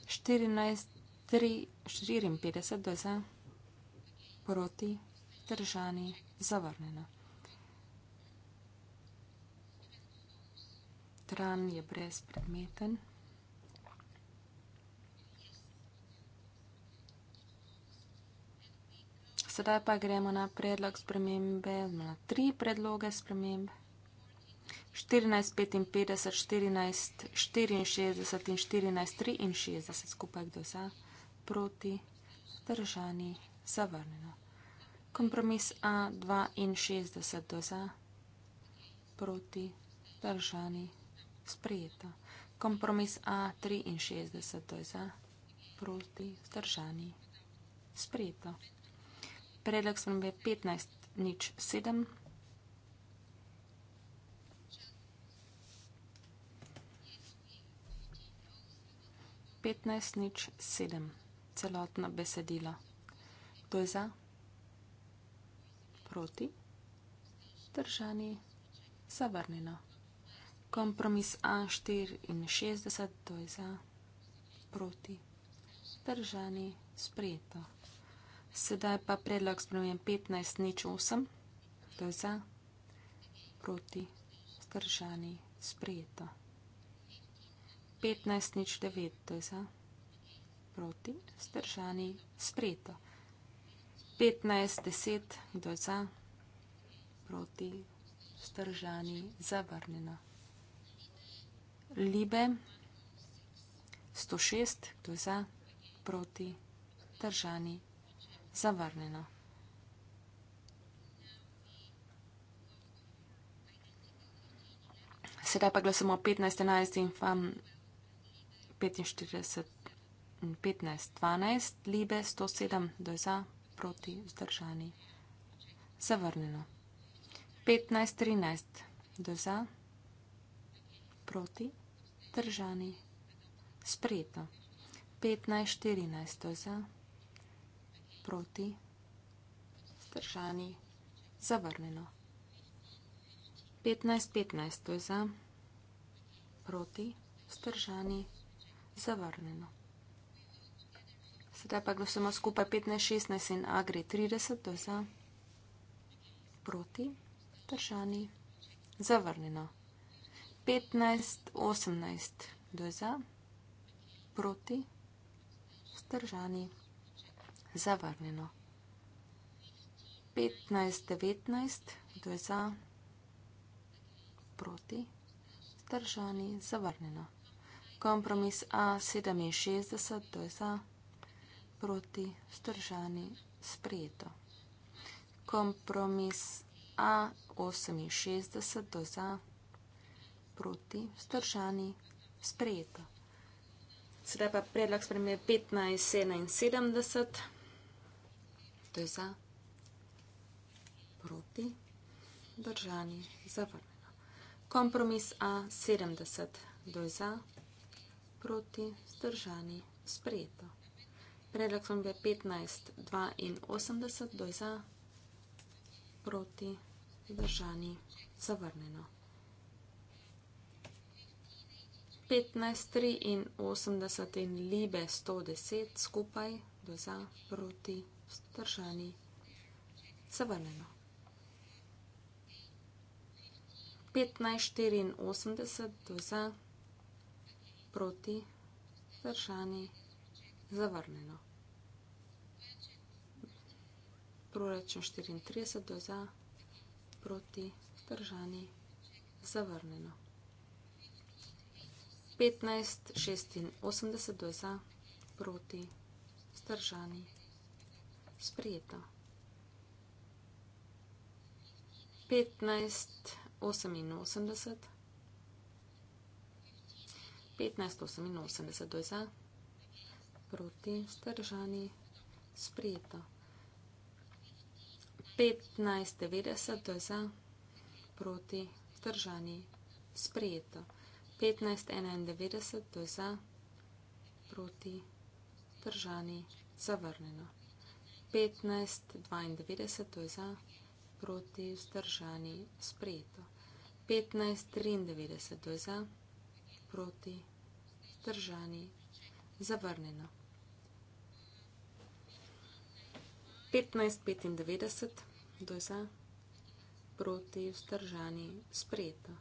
14.54, to je za, proti, držani, zavrnjeno. Tran je brezpredmeten. Sedaj pa gremo na predlog spremembe, na tri predloge sprememb. 1455, 1464 in 1463 skupaj kdo za, proti, držani, zavrnjeno. Kompromis A 62 do za, proti, držani, sprejeto. Kompromis A 63 do za, proti, držani, sprejeto. Predlog sem bil 15, nič 7. Petnajst nič sedem, celotno besedilo. Kdo je za? Proti? Držani? Zavrnjeno. Kompromis A štiriinšestdeset, kdo je za? Proti? Držani? Sprejeto. Sedaj pa predlog spremljam 15 nič 8, to je za, proti, stržani, sprejeto. 15 nič 9, to je za, proti, stržani, sprejeto. 15 10, kdo je za, proti, stržani, zavrnjeno. Libe, 106, kdo je za, proti, stržani, zavrnjeno. Zavrnjeno. Sedaj pa glasamo 15, 11 in fam 45, 15, 12, libe 107, do je za, proti, vzdržani. Zavrnjeno. 15, 13, do je za, proti, držani. Sprejeto. 15, 14, do je za, proti, vzdržani proti, zdržani, zavrneno. 15, 15, to je za, proti, zdržani, zavrneno. Sedaj pa glasujemo skupaj 15, 16 in A gre 30, to je za, proti, zdržani, zavrneno. 15, 18, to je za, proti, zdržani, zavrneno zavrnjeno. 15, 19, kdo je za, proti, zdržani, zavrnjeno. Kompromis A67, kdo je za, proti, zdržani, sprejeto. Kompromis A68, kdo je za, proti, zdržani, sprejeto. Sedaj pa predlog spremembe 15, 71. To je za, proti, držani, zavrneno. Kompromis A, 70. To je za, proti, zdržani, sprejeto. Predlog vam je 15, 82. To je za, proti, držani, zavrneno. 15, 83 in Libe 110 skupaj, do za, proti, držani. Zdržani. Zavrnjeno. 15.84 do za. Proti. Zdržani. Zavrnjeno. Proračun 34 do za. Proti. Zdržani. Zavrnjeno. 15.86 do za. Proti. Zdržani. Zavrnjeno sprejeta. 15, 88. 15, 88, to je za. Proti, stržani, sprejeta. 15, 90, to je za. Proti, stržani, sprejeta. 15, 91, to je za. Proti, stržani, zavrnjeno. 15, 92, to je za proti vzdržani sprejeto. 15, 93, to je za proti vzdržani zavrnjeno. 15, 95, to je za proti vzdržani sprejeto.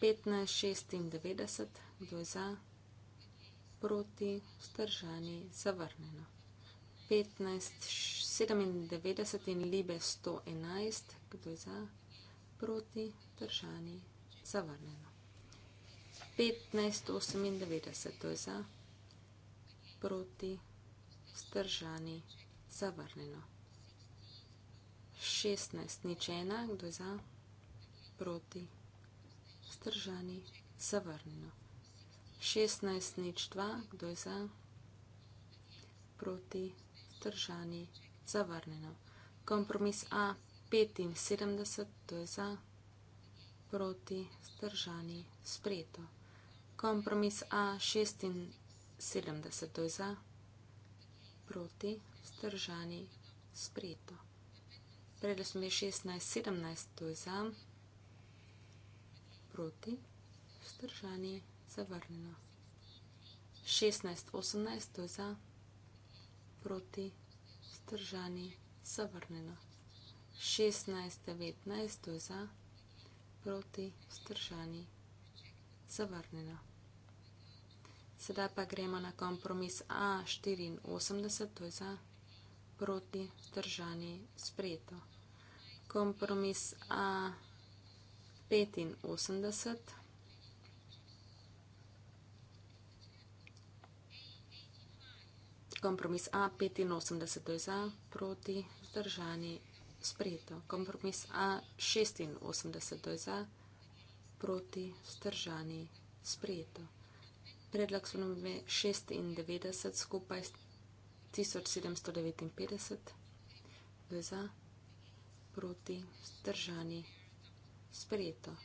15, 96, to je za proti vzdržani zavrnjeno. 15, 97 in Libe 111, kdo je za, proti, držani, zavrnjeno. 15, 98, kdo je za, proti, zdržani, zavrnjeno. 16, nič ena, kdo je za, proti, zdržani, zavrnjeno. 16, nič dva, kdo je za, proti, zdržani, zavrnjeno vzdržani, zavrnjeno. Kompromis A 75, to je za, proti, vzdržani, sprejeto. Kompromis A 76, to je za, proti, vzdržani, sprejeto. Predlog smo je 16, 17, to je za, proti, vzdržani, zavrnjeno. 16, 18, to je za, proti, vzdržani, sprejeto proti, vzdržani, zavrnjeno. 16, 19, to je za, proti, vzdržani, zavrnjeno. Sedaj pa gremo na kompromis A, 84, to je za, proti, vzdržani, sprejeto. Kompromis A, 85, 85, Kompromis A 85 je za, proti vzdržani sprejeto. Kompromis A 86 je za, proti vzdržani sprejeto. Predlog so nam 96 skupaj 1759 je za, proti vzdržani sprejeto.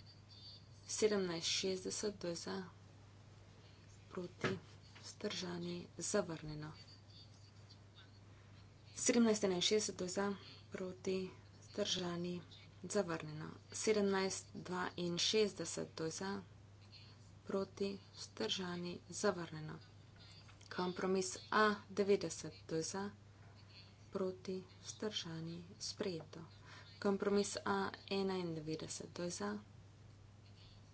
1760 je za, proti vzdržani zavrnjeno. 17, 61 je za, proti, zdržani, zavrnjeno. 17, 62 je za, proti, zdržani, zavrnjeno. Kompromis A, 90 je za, proti, zdržani, sprejeto. Kompromis A, 91 je za,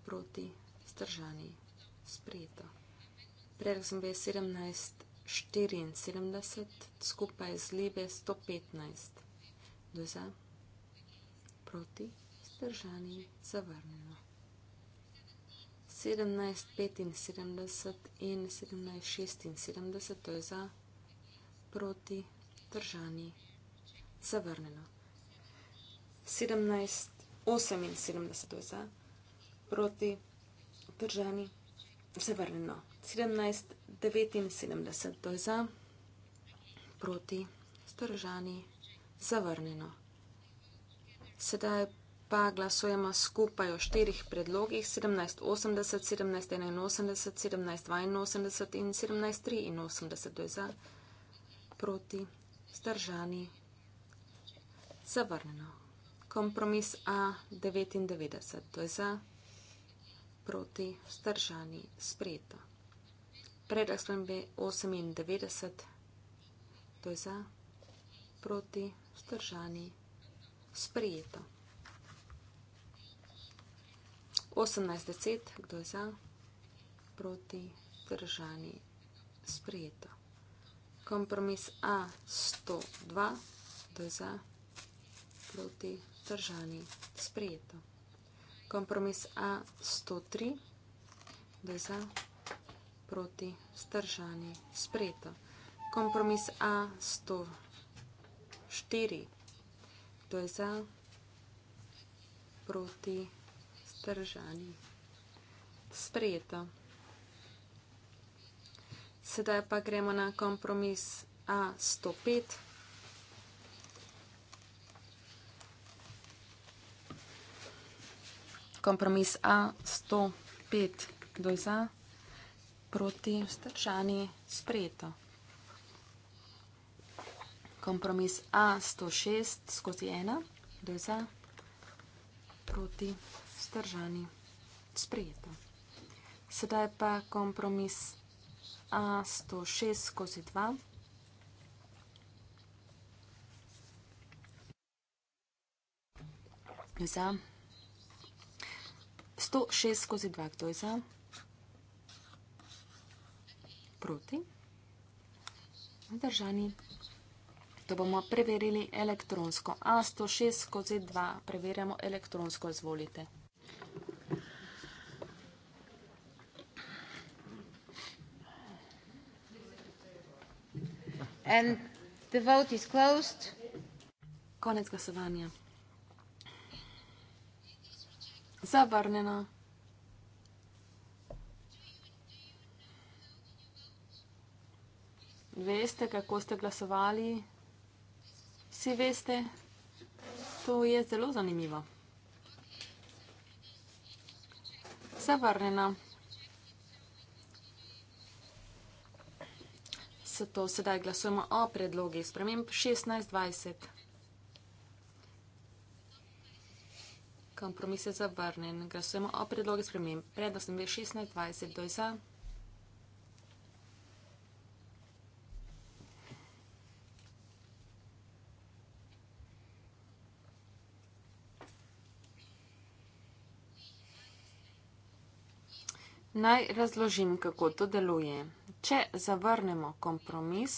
proti, zdržani, sprejeto. Predlog sem bil 17, 61. 74, skupaj z leve 115. Do za, proti, zdržani, zavrnjeno. 17, 75 in 17, 76, to je za, proti, držani, zavrnjeno. 17, 78, to je za, proti, držani, zavrnjeno. 17, 79 to je za, proti, storožani, zavrnjeno. Sedaj pa glasujemo skupaj o štirih predlogih 17, 80, 17, 81, 17, 82 in 17, 83 to je za, proti, storožani, zavrnjeno. Kompromis A 99 to je za, proti, storožani, sprejeto predlag spremembe 98, to je za, proti, vzdržani, sprejeto. 18.10, kdo je za, proti, vzdržani, sprejeto. Kompromis A 102, kdo je za, proti, vzdržani, sprejeto. Kompromis A 103, kdo je za, proti, vzdržani, sprejeto proti, stržani, spreto. Kompromis A, 104. To je za, proti, stržani, spreto. Sedaj pa gremo na kompromis A, 105. Kompromis A, 105. Kdo je za? Kdo je za? proti vzdržani sprejeto. Kompromis A106 skozi 1, kdo je za, proti vzdržani sprejeto. Sedaj pa kompromis A106 skozi 2. Za 106 skozi 2, kdo je za? proti. Zdržani. To bomo preverili elektronsko. A106 skozi 2. Preverjamo elektronsko. Izvolite. And the vote is closed. Konec glasovanja. Zavrnjeno. veste, kako ste glasovali. Vsi veste, to je zelo zanimivo. Zavrnjena. Zato sedaj glasujemo o predlogih sprememb 1620. Kompromis je zavrnen. Glasujemo o predlogih sprememb. Predlog sem bil 1620. Kdo je za? Naj razložim, kako to deluje. Če zavrnemo kompromis,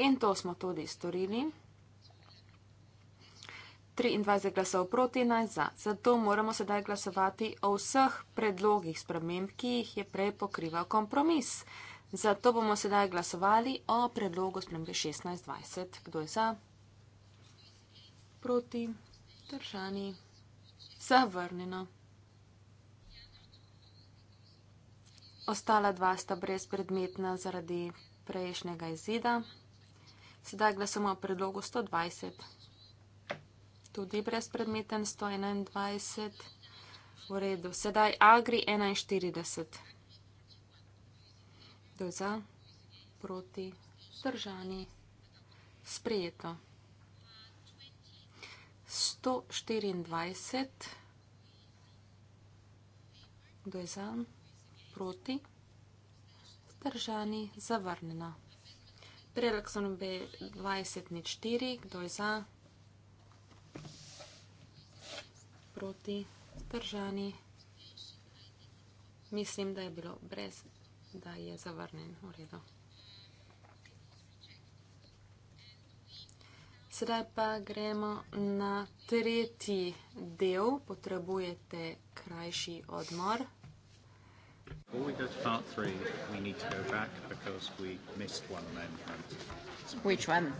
in to smo tudi storili, 23 glasov proti naj za, zato moramo sedaj glasovati o vseh predlogih sprememb, ki jih je prej pokrival kompromis. Zato bomo sedaj glasovali o predlogu spremembe 1620. Kdo je za? Proti. Držani. Zavrnjeno. Ostala dva sta brezpredmetna zaradi prejšnjega izida. Sedaj glasamo o predlogu 120. Tudi brezpredmeten 121. V redu. Sedaj agri 41. Do za, proti, držani. Sprejeto. 124. Do je zanj proti, vzdržani, zavrnjena. Predlog so nam B20 nič 4, kdo je za, proti, vzdržani, mislim, da je bilo brez, da je zavrnjen, v redu. Sedaj pa gremo na tretji del, potrebujete krajši odmor. Before we go to part three, we need to go back because we missed one amendment. Which one?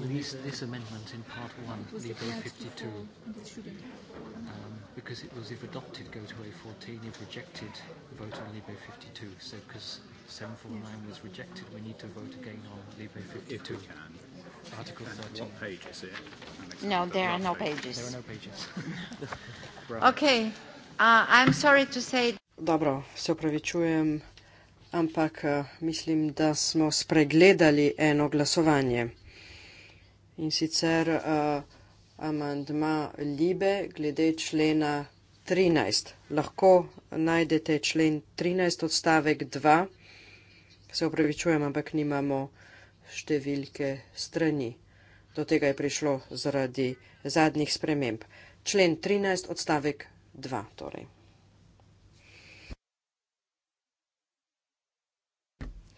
We missed this amendment in part one, the A52. Um, because it was if adopted, go to A14, if rejected, vote on Libre 52. So because 749 was rejected, we need to vote again on Libre 52. If we can. Article 13. What page is it? No, there are no pages. There are no pages. okay. Uh, I'm sorry to say. Dobro, se upravičujem, ampak eh, mislim, da smo spregledali eno glasovanje. In sicer uh, amandma Libe glede člena 13. Lahko najdete člen 13 odstavek 2. Se upravičujem, ampak nimamo številke strani. Do tega je prišlo zaradi zadnjih sprememb. Člen 13 odstavek 2. Torej.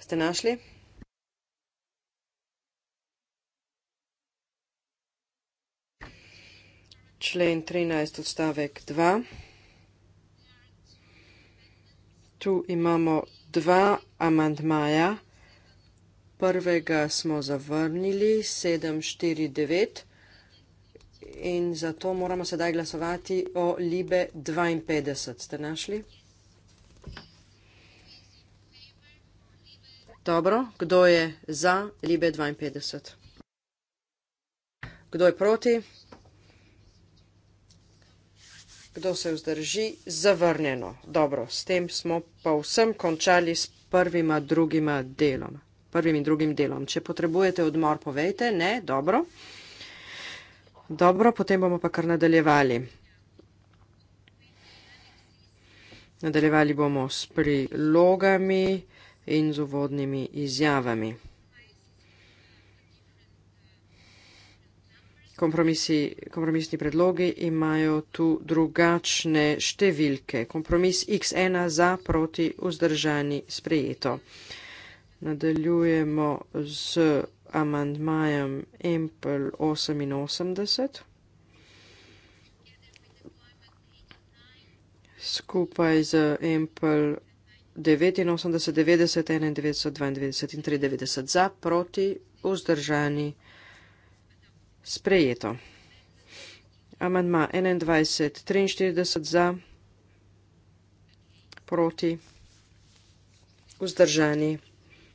Ste našli? Člen 13 odstavek 2. Tu imamo dva amantmaja. Prvega smo zavrnili, 749. In zato moramo sedaj glasovati o Libe 52. Ste našli? Dobro, kdo je za Libe 52? Kdo je proti? Kdo se vzdrži? Zavrnjeno. Dobro, s tem smo pa vsem končali s prvima, drugima delom. Prvim in drugim delom. Če potrebujete odmor, povejte, ne, dobro. Dobro, potem bomo pa kar nadaljevali. Nadaljevali bomo s prilogami in z uvodnimi izjavami. Kompromisni predlogi imajo tu drugačne številke. Kompromis X1 za, proti, vzdržani, sprejeto. Nadaljujemo z amandmajem MPL 88. Skupaj z MPL 89, 90, 91, 92 in 93 za, proti, vzdržani, sprejeto. Amendma 21, 43 za, proti, vzdržani,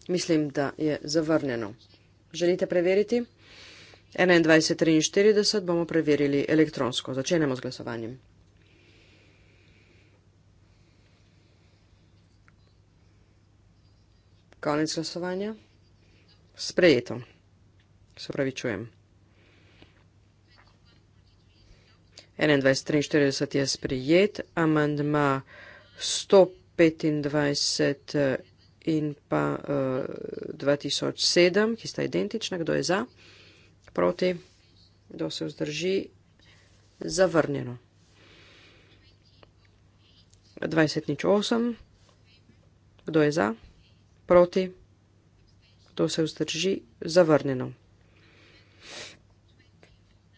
mislim, da je zavrnjeno. Želite preveriti? 21, 43 bomo preverili elektronsko. Začenjamo z glasovanjem. Konec glasovanja. Sprejeto. Se pravi, čujem. 21.43 je sprejet, amandma 125 eh, in pa uh, eh, 2007, ki sta identična, kdo je za, proti, kdo se vzdrži, zavrnjeno. 20.08, kdo je za? proti, to se vzdrži, zavrnjeno.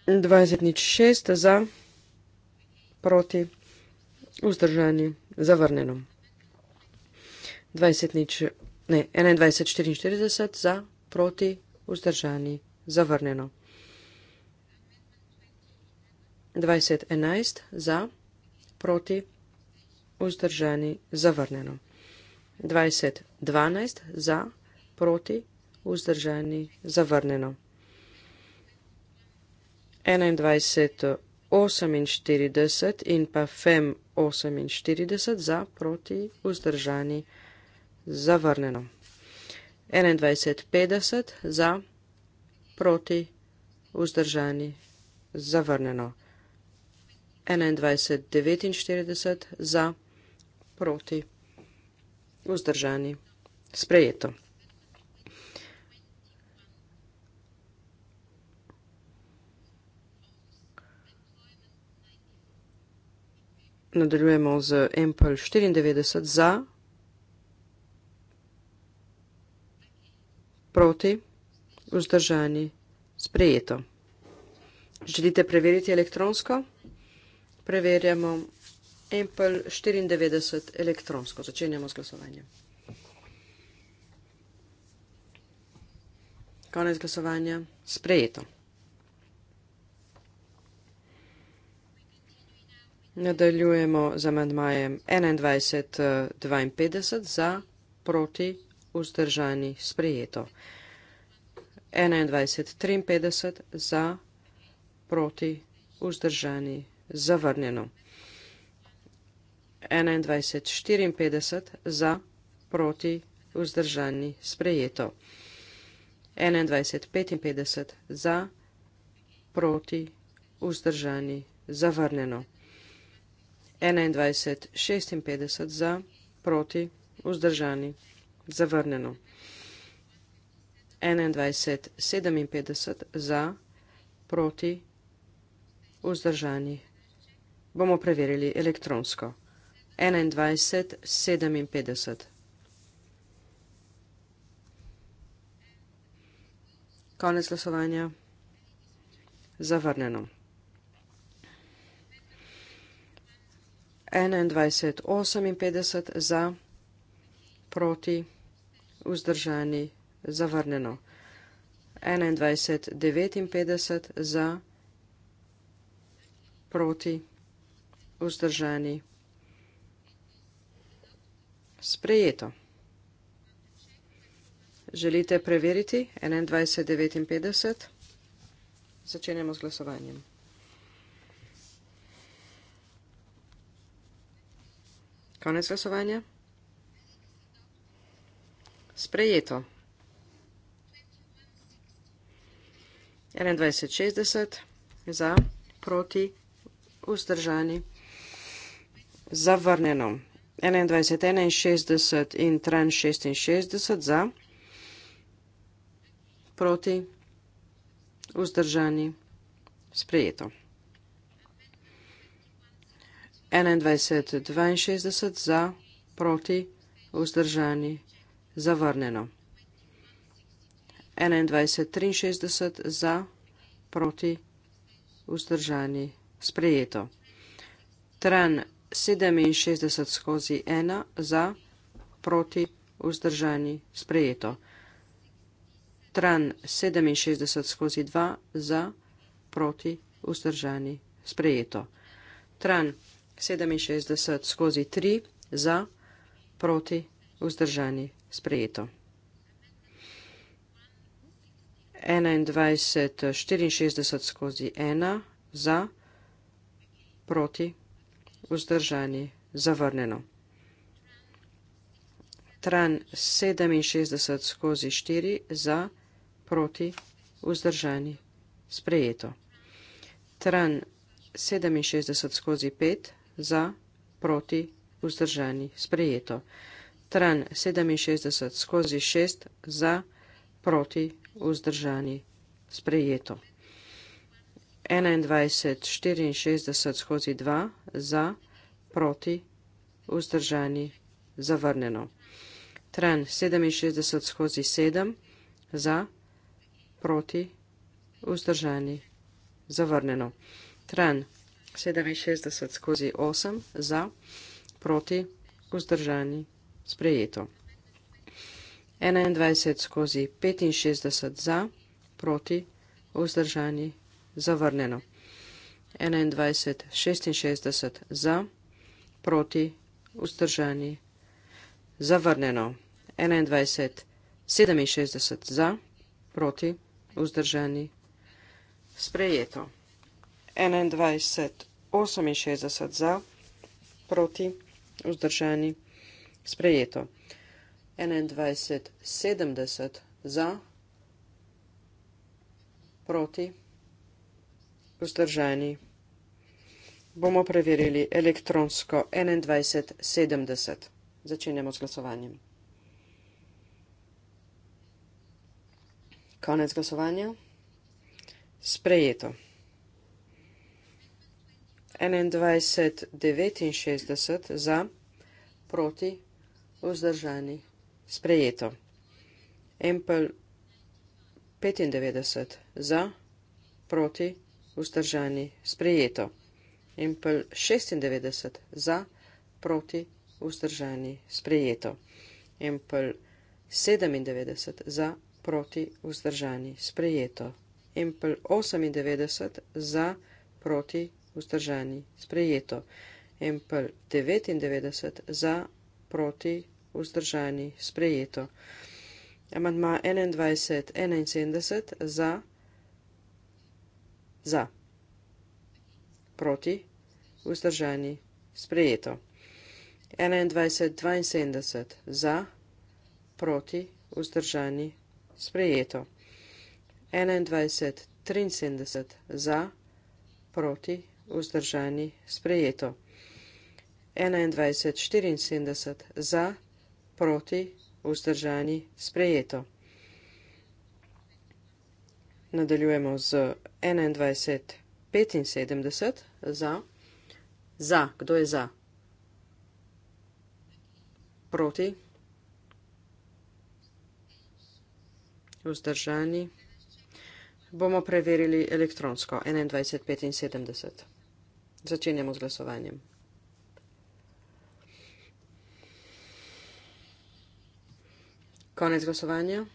20 nič 6 za, proti, vzdržanje, zavrnjeno. 20 nič, ne, 21 44 za, proti, vzdržanje, zavrnjeno. 20 11 za, proti, vzdržanje, zavrnjeno. 20, 12 za, proti, vzdržani, zavrnjeno. 21, 48 in pa 5, 48 e za, proti, vzdržani, zavrnjeno. 21, 50 za, proti, vzdržani, zavrnjeno. 21, 49 za, proti, vzdržani vzdržani. Sprejeto. Nadaljujemo z Ampel 94 za, proti, vzdržani, sprejeto. Želite preveriti elektronsko? Preverjamo elektronsko. Apple 94 elektronsko. Začenjamo z glasovanjem. Konec glasovanja. Sprejeto. Nadaljujemo z amandmajem 21.52 eh, za proti vzdržani sprejeto. 21.53 za proti vzdržani zavrnjeno. 21, 54 za, proti, vzdržani, sprejeto. 21, 55 za, proti, vzdržani, zavrnjeno. 21, 56 za, proti, vzdržani, zavrnjeno. 21, 57 za, proti, vzdržani, bomo preverili elektronsko. 21:57. Konec glasovanja. Zavrnjeno. 21:58 za, proti, vzdržani, zavrnjeno. 21:59 za, proti, vzdržani, zavrnjeno. Sprejeto. Želite preveriti 21.59? Začenjamo z glasovanjem. Konec glasovanja. Sprejeto. 21.60 za, proti, vzdržani, zavrnjeno. 21, 61 in 36 za, proti, vzdržani, sprejeto. 21, 62 za, proti, vzdržani, zavrnjeno. 21, 63 za, proti, vzdržani, sprejeto. 67 skozi 1 za, proti, vzdržani, sprejeto. Tran 67 skozi 2 za, proti, vzdržani, sprejeto. Tran 67 skozi 3 za, proti, vzdržani, sprejeto. 21 64 skozi 1 za, proti, vzdržani, sprejeto vzdržani, zavrnjeno. Tran 67 skozi 4 za, proti, vzdržani, sprejeto. Tran 67 skozi 5 za, proti, vzdržani, sprejeto. Tran 67 skozi 6 za, proti, vzdržani, sprejeto. 2164 skozi 2 za, proti, vzdržani, zavrnjeno. Tren 67 skozi 7 za, proti, vzdržani, zavrnjeno. Tren 67 skozi 8 za, proti, vzdržani, sprejeto. 21 skozi 65 za, proti, vzdržani, sprejeto zavrnjeno. 21, 66 za, proti, vzdržani, zavrnjeno. 21, 67 za, proti, vzdržani, sprejeto. 21, 68 za, proti, vzdržani, sprejeto. 21, 70 za, proti, vzdržani vzdržani. Bomo preverili elektronsko 2170. Začenjamo s glasovanjem. Konec glasovanja. Sprejeto. 2169 za, proti, vzdržani. Sprejeto. Empel 95 za, proti, vzdržani vzdržani, sprejeto. Impel 96 za, proti, vzdržani, sprejeto. Impel 97 za, proti, vzdržani, sprejeto. Impel 98 za, proti, vzdržani, sprejeto. Impel 99 za, proti, vzdržani, sprejeto. Amandma 21, 71 za, proti, vzdržani, sprejeto za, proti, vzdržani, sprejeto. 21.72 za, proti, vzdržani, sprejeto. 21.73 za, proti, vzdržani, sprejeto. 21.74 za, proti, vzdržani, sprejeto. 21.75 Nadaljujemo z 21, 75 za. Za, kdo je za? Proti. Vzdržani. Bomo preverili elektronsko 21, 75. Začenjamo z glasovanjem. Konec glasovanja.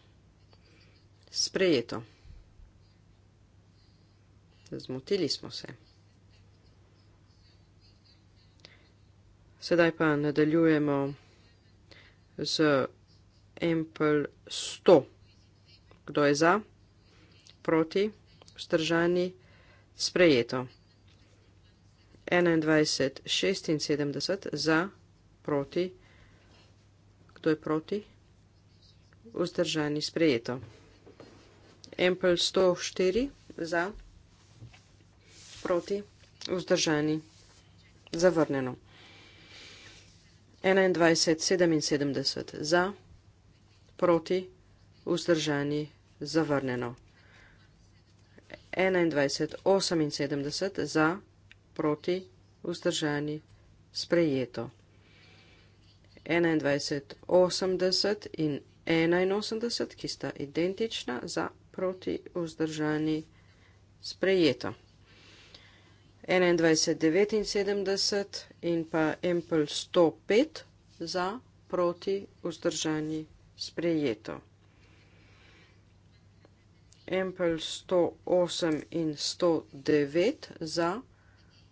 Sprejeto. Zmotili smo se. Sedaj pa nadaljujemo z Empel 100. Kdo je za, proti, vzdržani, sprejeto. 21, 76 za, proti, kdo je proti, vzdržani, sprejeto. Empel 104 za, proti proti? Vzdržani. Zavrnjeno. 21, 77. Za, proti, vzdržani, zavrnjeno. 21, 78. Za, proti, vzdržani, sprejeto. 21, 80 in 81, ki sta identična, za, proti, vzdržani, sprejeto. 21,79 in pa Empel 105 za, proti, vzdržani, sprejeto. Empel 108 in 109 za,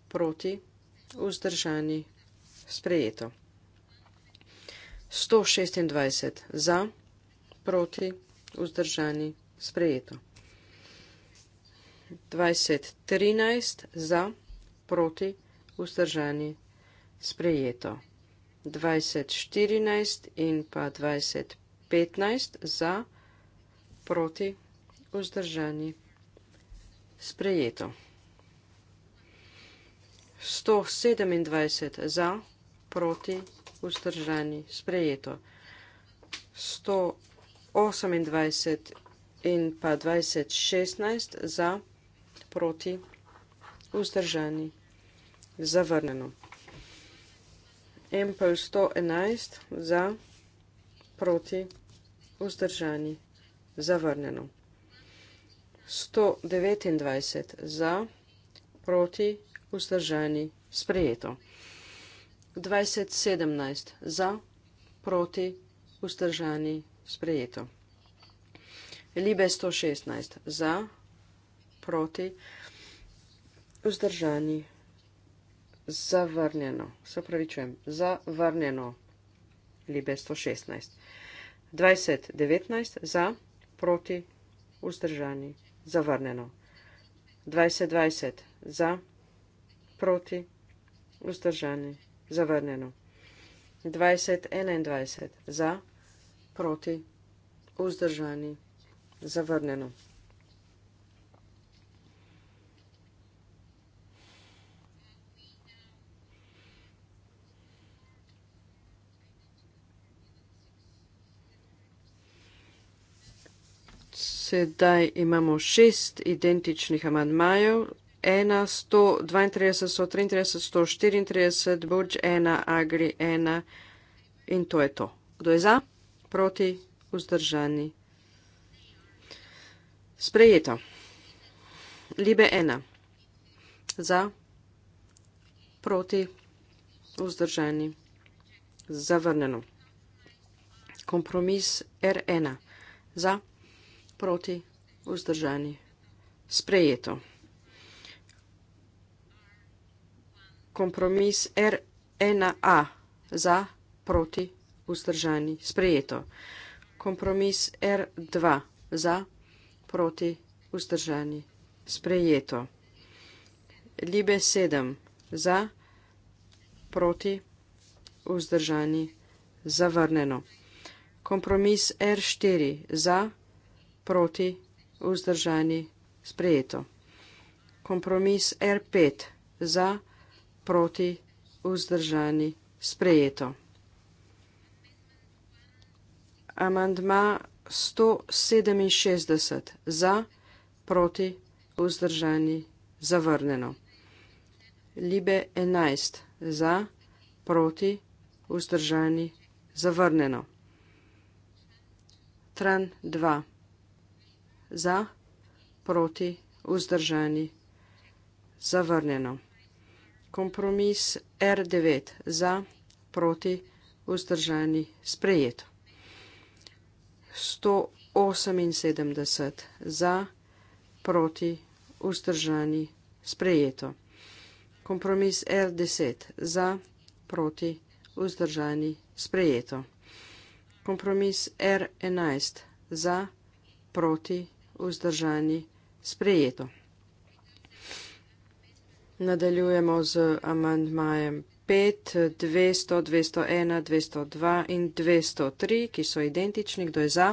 proti, vzdržani, sprejeto. 126 za, proti, vzdržani, sprejeto. 20, 13 za, proti, vzdržani, sprejeto proti, vzdržani, sprejeto. 2014 in pa 2015 za, proti, vzdržani, sprejeto. 127 za, proti, vzdržani, sprejeto. 128 in pa 2016 za, proti, vzdržani, sprejeto vzdržani, zavrnjeno. Empel 111 za, proti, vzdržani, zavrnjeno. 129 za, proti, vzdržani, sprejeto. 2017 za, proti, vzdržani, sprejeto. Libe 116 za, proti, vzdržani, sprejeto vzdržani, zavrnjeno, se pravi, čujem, zavrnjeno, libe 116. 20, 19, za, proti, vzdržani, zavrnjeno. 20, 20, za, proti, vzdržani, zavrnjeno. 20, 21, za, proti, vzdržani, zavrnjeno. Sedaj imamo šest identičnih amandmajev. 1, 132, 133, 134, Burč 1, Agri 1 in to je to. Kdo je za? Proti? Vzdržani? Sprejeto. Libe 1. Za? Proti? Vzdržani? Zavrnjeno. Kompromis R1. Za? proti, vzdržani, sprejeto. Kompromis R1A za, proti, vzdržani, sprejeto. Kompromis R2 za, proti, vzdržani, sprejeto. Libe 7 za, proti, vzdržani, zavrneno. Kompromis R4 za, proti, vzdržani, sprejeto proti, vzdržani, sprejeto. Kompromis R5 za, proti, vzdržani, sprejeto. Amandma 167 za, proti, vzdržani, zavrneno. Libe 11 za, proti, vzdržani, zavrneno. Tran 2 za, proti, vzdržani, zavrnjeno. Kompromis R9 za, proti, vzdržani, sprejet. 178 za, proti, vzdržani, sprejeto. Kompromis R10 za, proti, vzdržani, sprejeto. Kompromis R11 za, proti, vzdržani, sprejeto vzdržani sprejeto. Nadaljujemo z amandmajem 5, 200, 201, 202 in 203, ki so identični, kdo je za,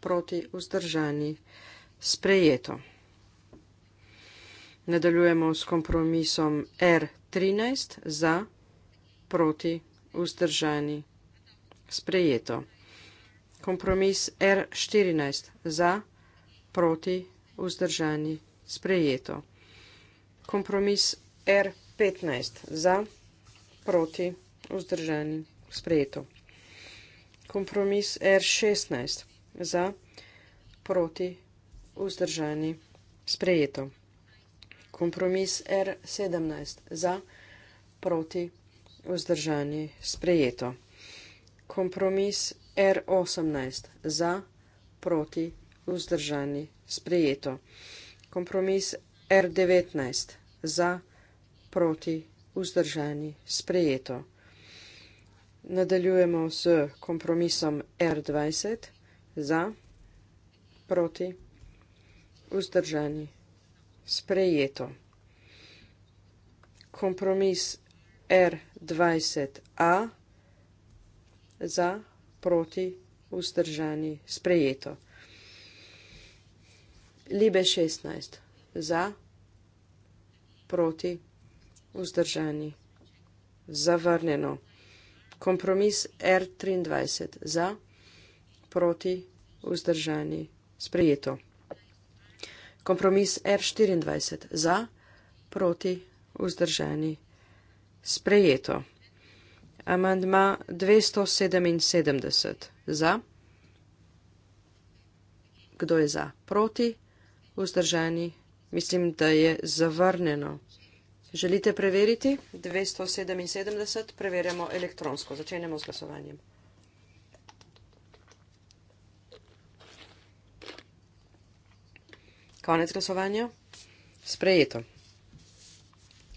proti vzdržani sprejeto. Nadaljujemo s kompromisom R13 za, proti vzdržani sprejeto. Kompromis R14 za, proti vzdržani sprejeto proti vzdržani sprejeto. Kompromis R15 za proti vzdržani sprejeto. Kompromis R16 za proti vzdržani sprejeto. Kompromis R17 za proti vzdržani sprejeto. Kompromis R18 za proti vzdržani sprejeto vzdržani sprejeto. Kompromis R19 za proti vzdržani sprejeto. Nadaljujemo s kompromisom R20 za proti vzdržani sprejeto. Kompromis R20A za proti vzdržani sprejeto. Libe 16. Za, proti, vzdržani, zavrnjeno. Kompromis R23. Za, proti, vzdržani, sprejeto. Kompromis R24. Za, proti, vzdržani, sprejeto. Amandma 277. Za. Kdo je za? Proti vzdržani. Mislim, da je zavrnjeno. Želite preveriti? 277. Preverjamo elektronsko. Začenjamo s glasovanjem. Konec glasovanja. Sprejeto.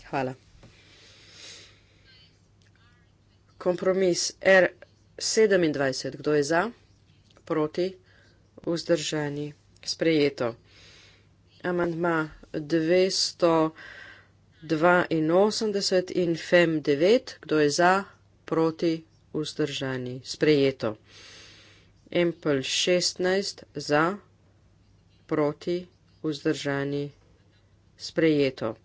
Hvala. Kompromis R27. Kdo je za? Proti? Vzdržani. Sprejeto amantma 282 in 59, e kdo je za, proti, vzdržani, sprejeto. Empel 16 za, proti, vzdržani, sprejeto.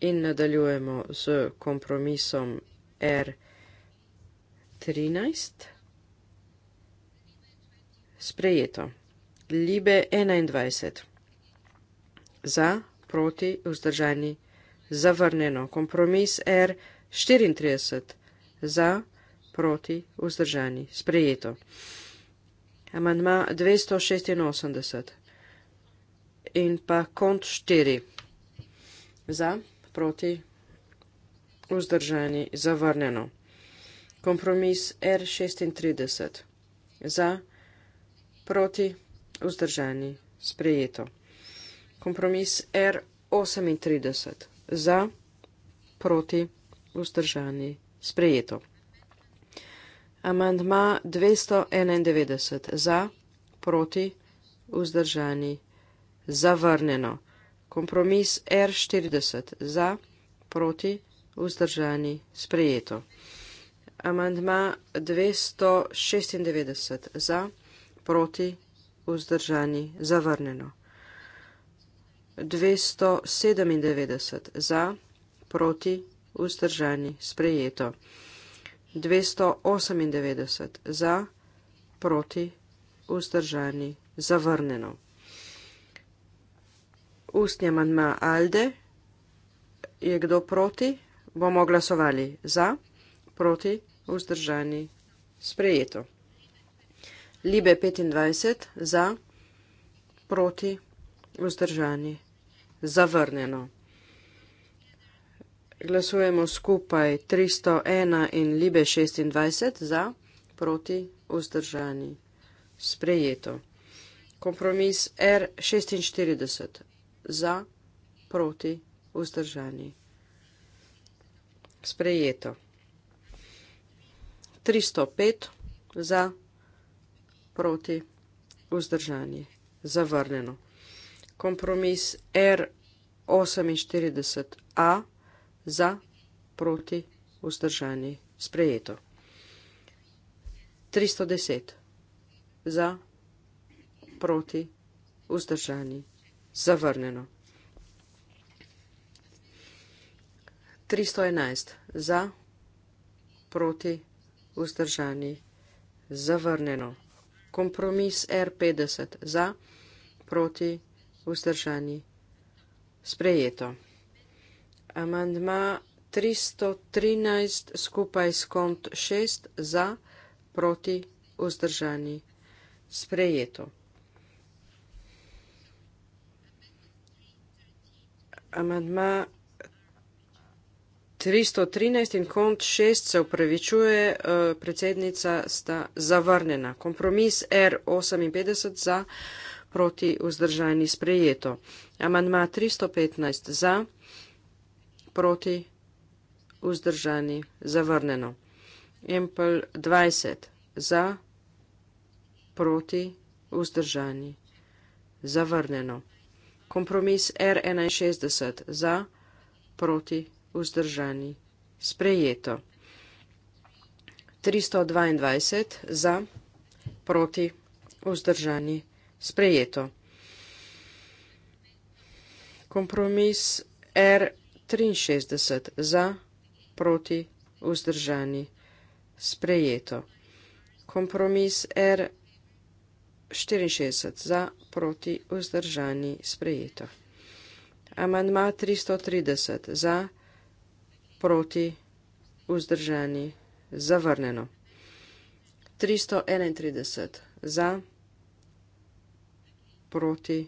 In nadaljujemo z kompromisom R13. Sprejeto. Libe 21 za, proti, vzdržani, zavrnjeno. Kompromis R34 za, proti, vzdržani, sprejeto. Amandma 286 in pa kont 4 za, proti, vzdržani, zavrnjeno. Kompromis R36 za, proti, vzdržani, sprejeto kompromis R38 za, proti, vzdržani, sprejeto. Amandma 291 za, proti, vzdržani, zavrnjeno. Kompromis R40 za, proti, vzdržani, sprejeto. Amandma 296 za, proti, vzdržani, zavrnjeno. 297 za, proti, vzdržani, sprejeto. 298 za, proti, vzdržani, zavrnjeno. Ustni manjma Alde, je kdo proti, bomo glasovali za, proti, vzdržani, sprejeto. Libe 25 za, proti, vzdržani, sprejeto zavrnjeno. Glasujemo skupaj 301 in Libe 26 za, proti, vzdržani. Sprejeto. Kompromis R46 za, proti, vzdržani. Sprejeto. 305 za, proti, vzdržani. Zavrnjeno. Kompromis R47 48 a za proti vzdržani sprejeto. 310 za proti vzdržani zavrnjeno. 311 za proti vzdržani zavrnjeno. Kompromis R50 za proti vzdržani zavrnjeno sprejeto. Amandma 313 skupaj s kont 6 za, proti, vzdržani. Sprejeto. Amandma 313 in kont 6 se upravičuje, e, predsednica sta zavrnjena. Kompromis R58 za proti vzdržani sprejeto. Amandma 315 za, proti vzdržani zavrneno. Empel 20 za, proti vzdržani zavrneno. Kompromis R61 za, proti vzdržani sprejeto. 322 za, proti vzdržani zavrneno sprejeto. Kompromis R63 za, proti, vzdržani, sprejeto. Kompromis R64 za, proti, vzdržani, sprejeto. Amandma 330 za, proti, vzdržani, zavrnjeno. 331 za, proti, vzdržani proti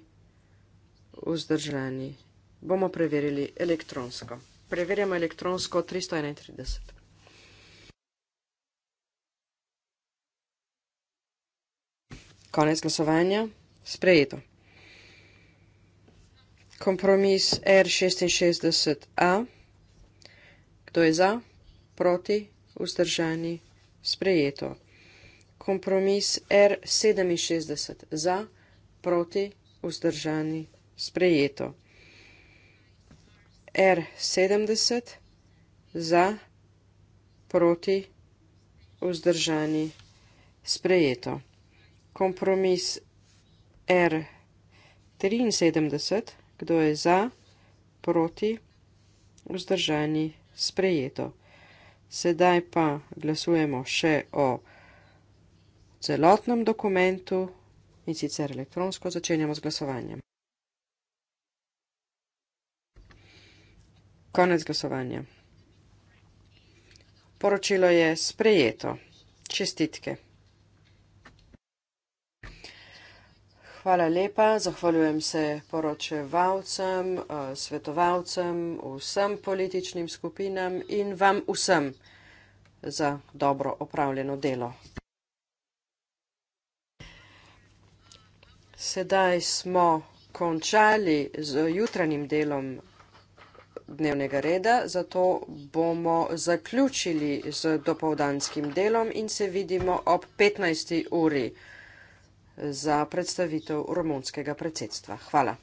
vzdržani. Bomo preverili elektronsko. Preverjamo elektronsko 331. Konec glasovanja. Sprejeto. Kompromis R66A. Kdo je za? Proti? Vzdržani? Sprejeto. Kompromis R67. Za? Sprejeto proti vzdržani sprejeto. R70 za proti vzdržani sprejeto. Kompromis R73, kdo je za proti vzdržani sprejeto. Sedaj pa glasujemo še o celotnem dokumentu in sicer elektronsko začenjamo z glasovanjem. Konec glasovanja. Poročilo je sprejeto. Čestitke. Hvala lepa, zahvaljujem se poročevalcem, eh, svetovalcem, vsem političnim skupinam in vam vsem za dobro opravljeno delo. Sedaj smo končali z jutranjim delom dnevnega reda, zato bomo zaključili z dopovdanskim delom in se vidimo ob 15. uri za predstavitev romunskega predsedstva. Hvala.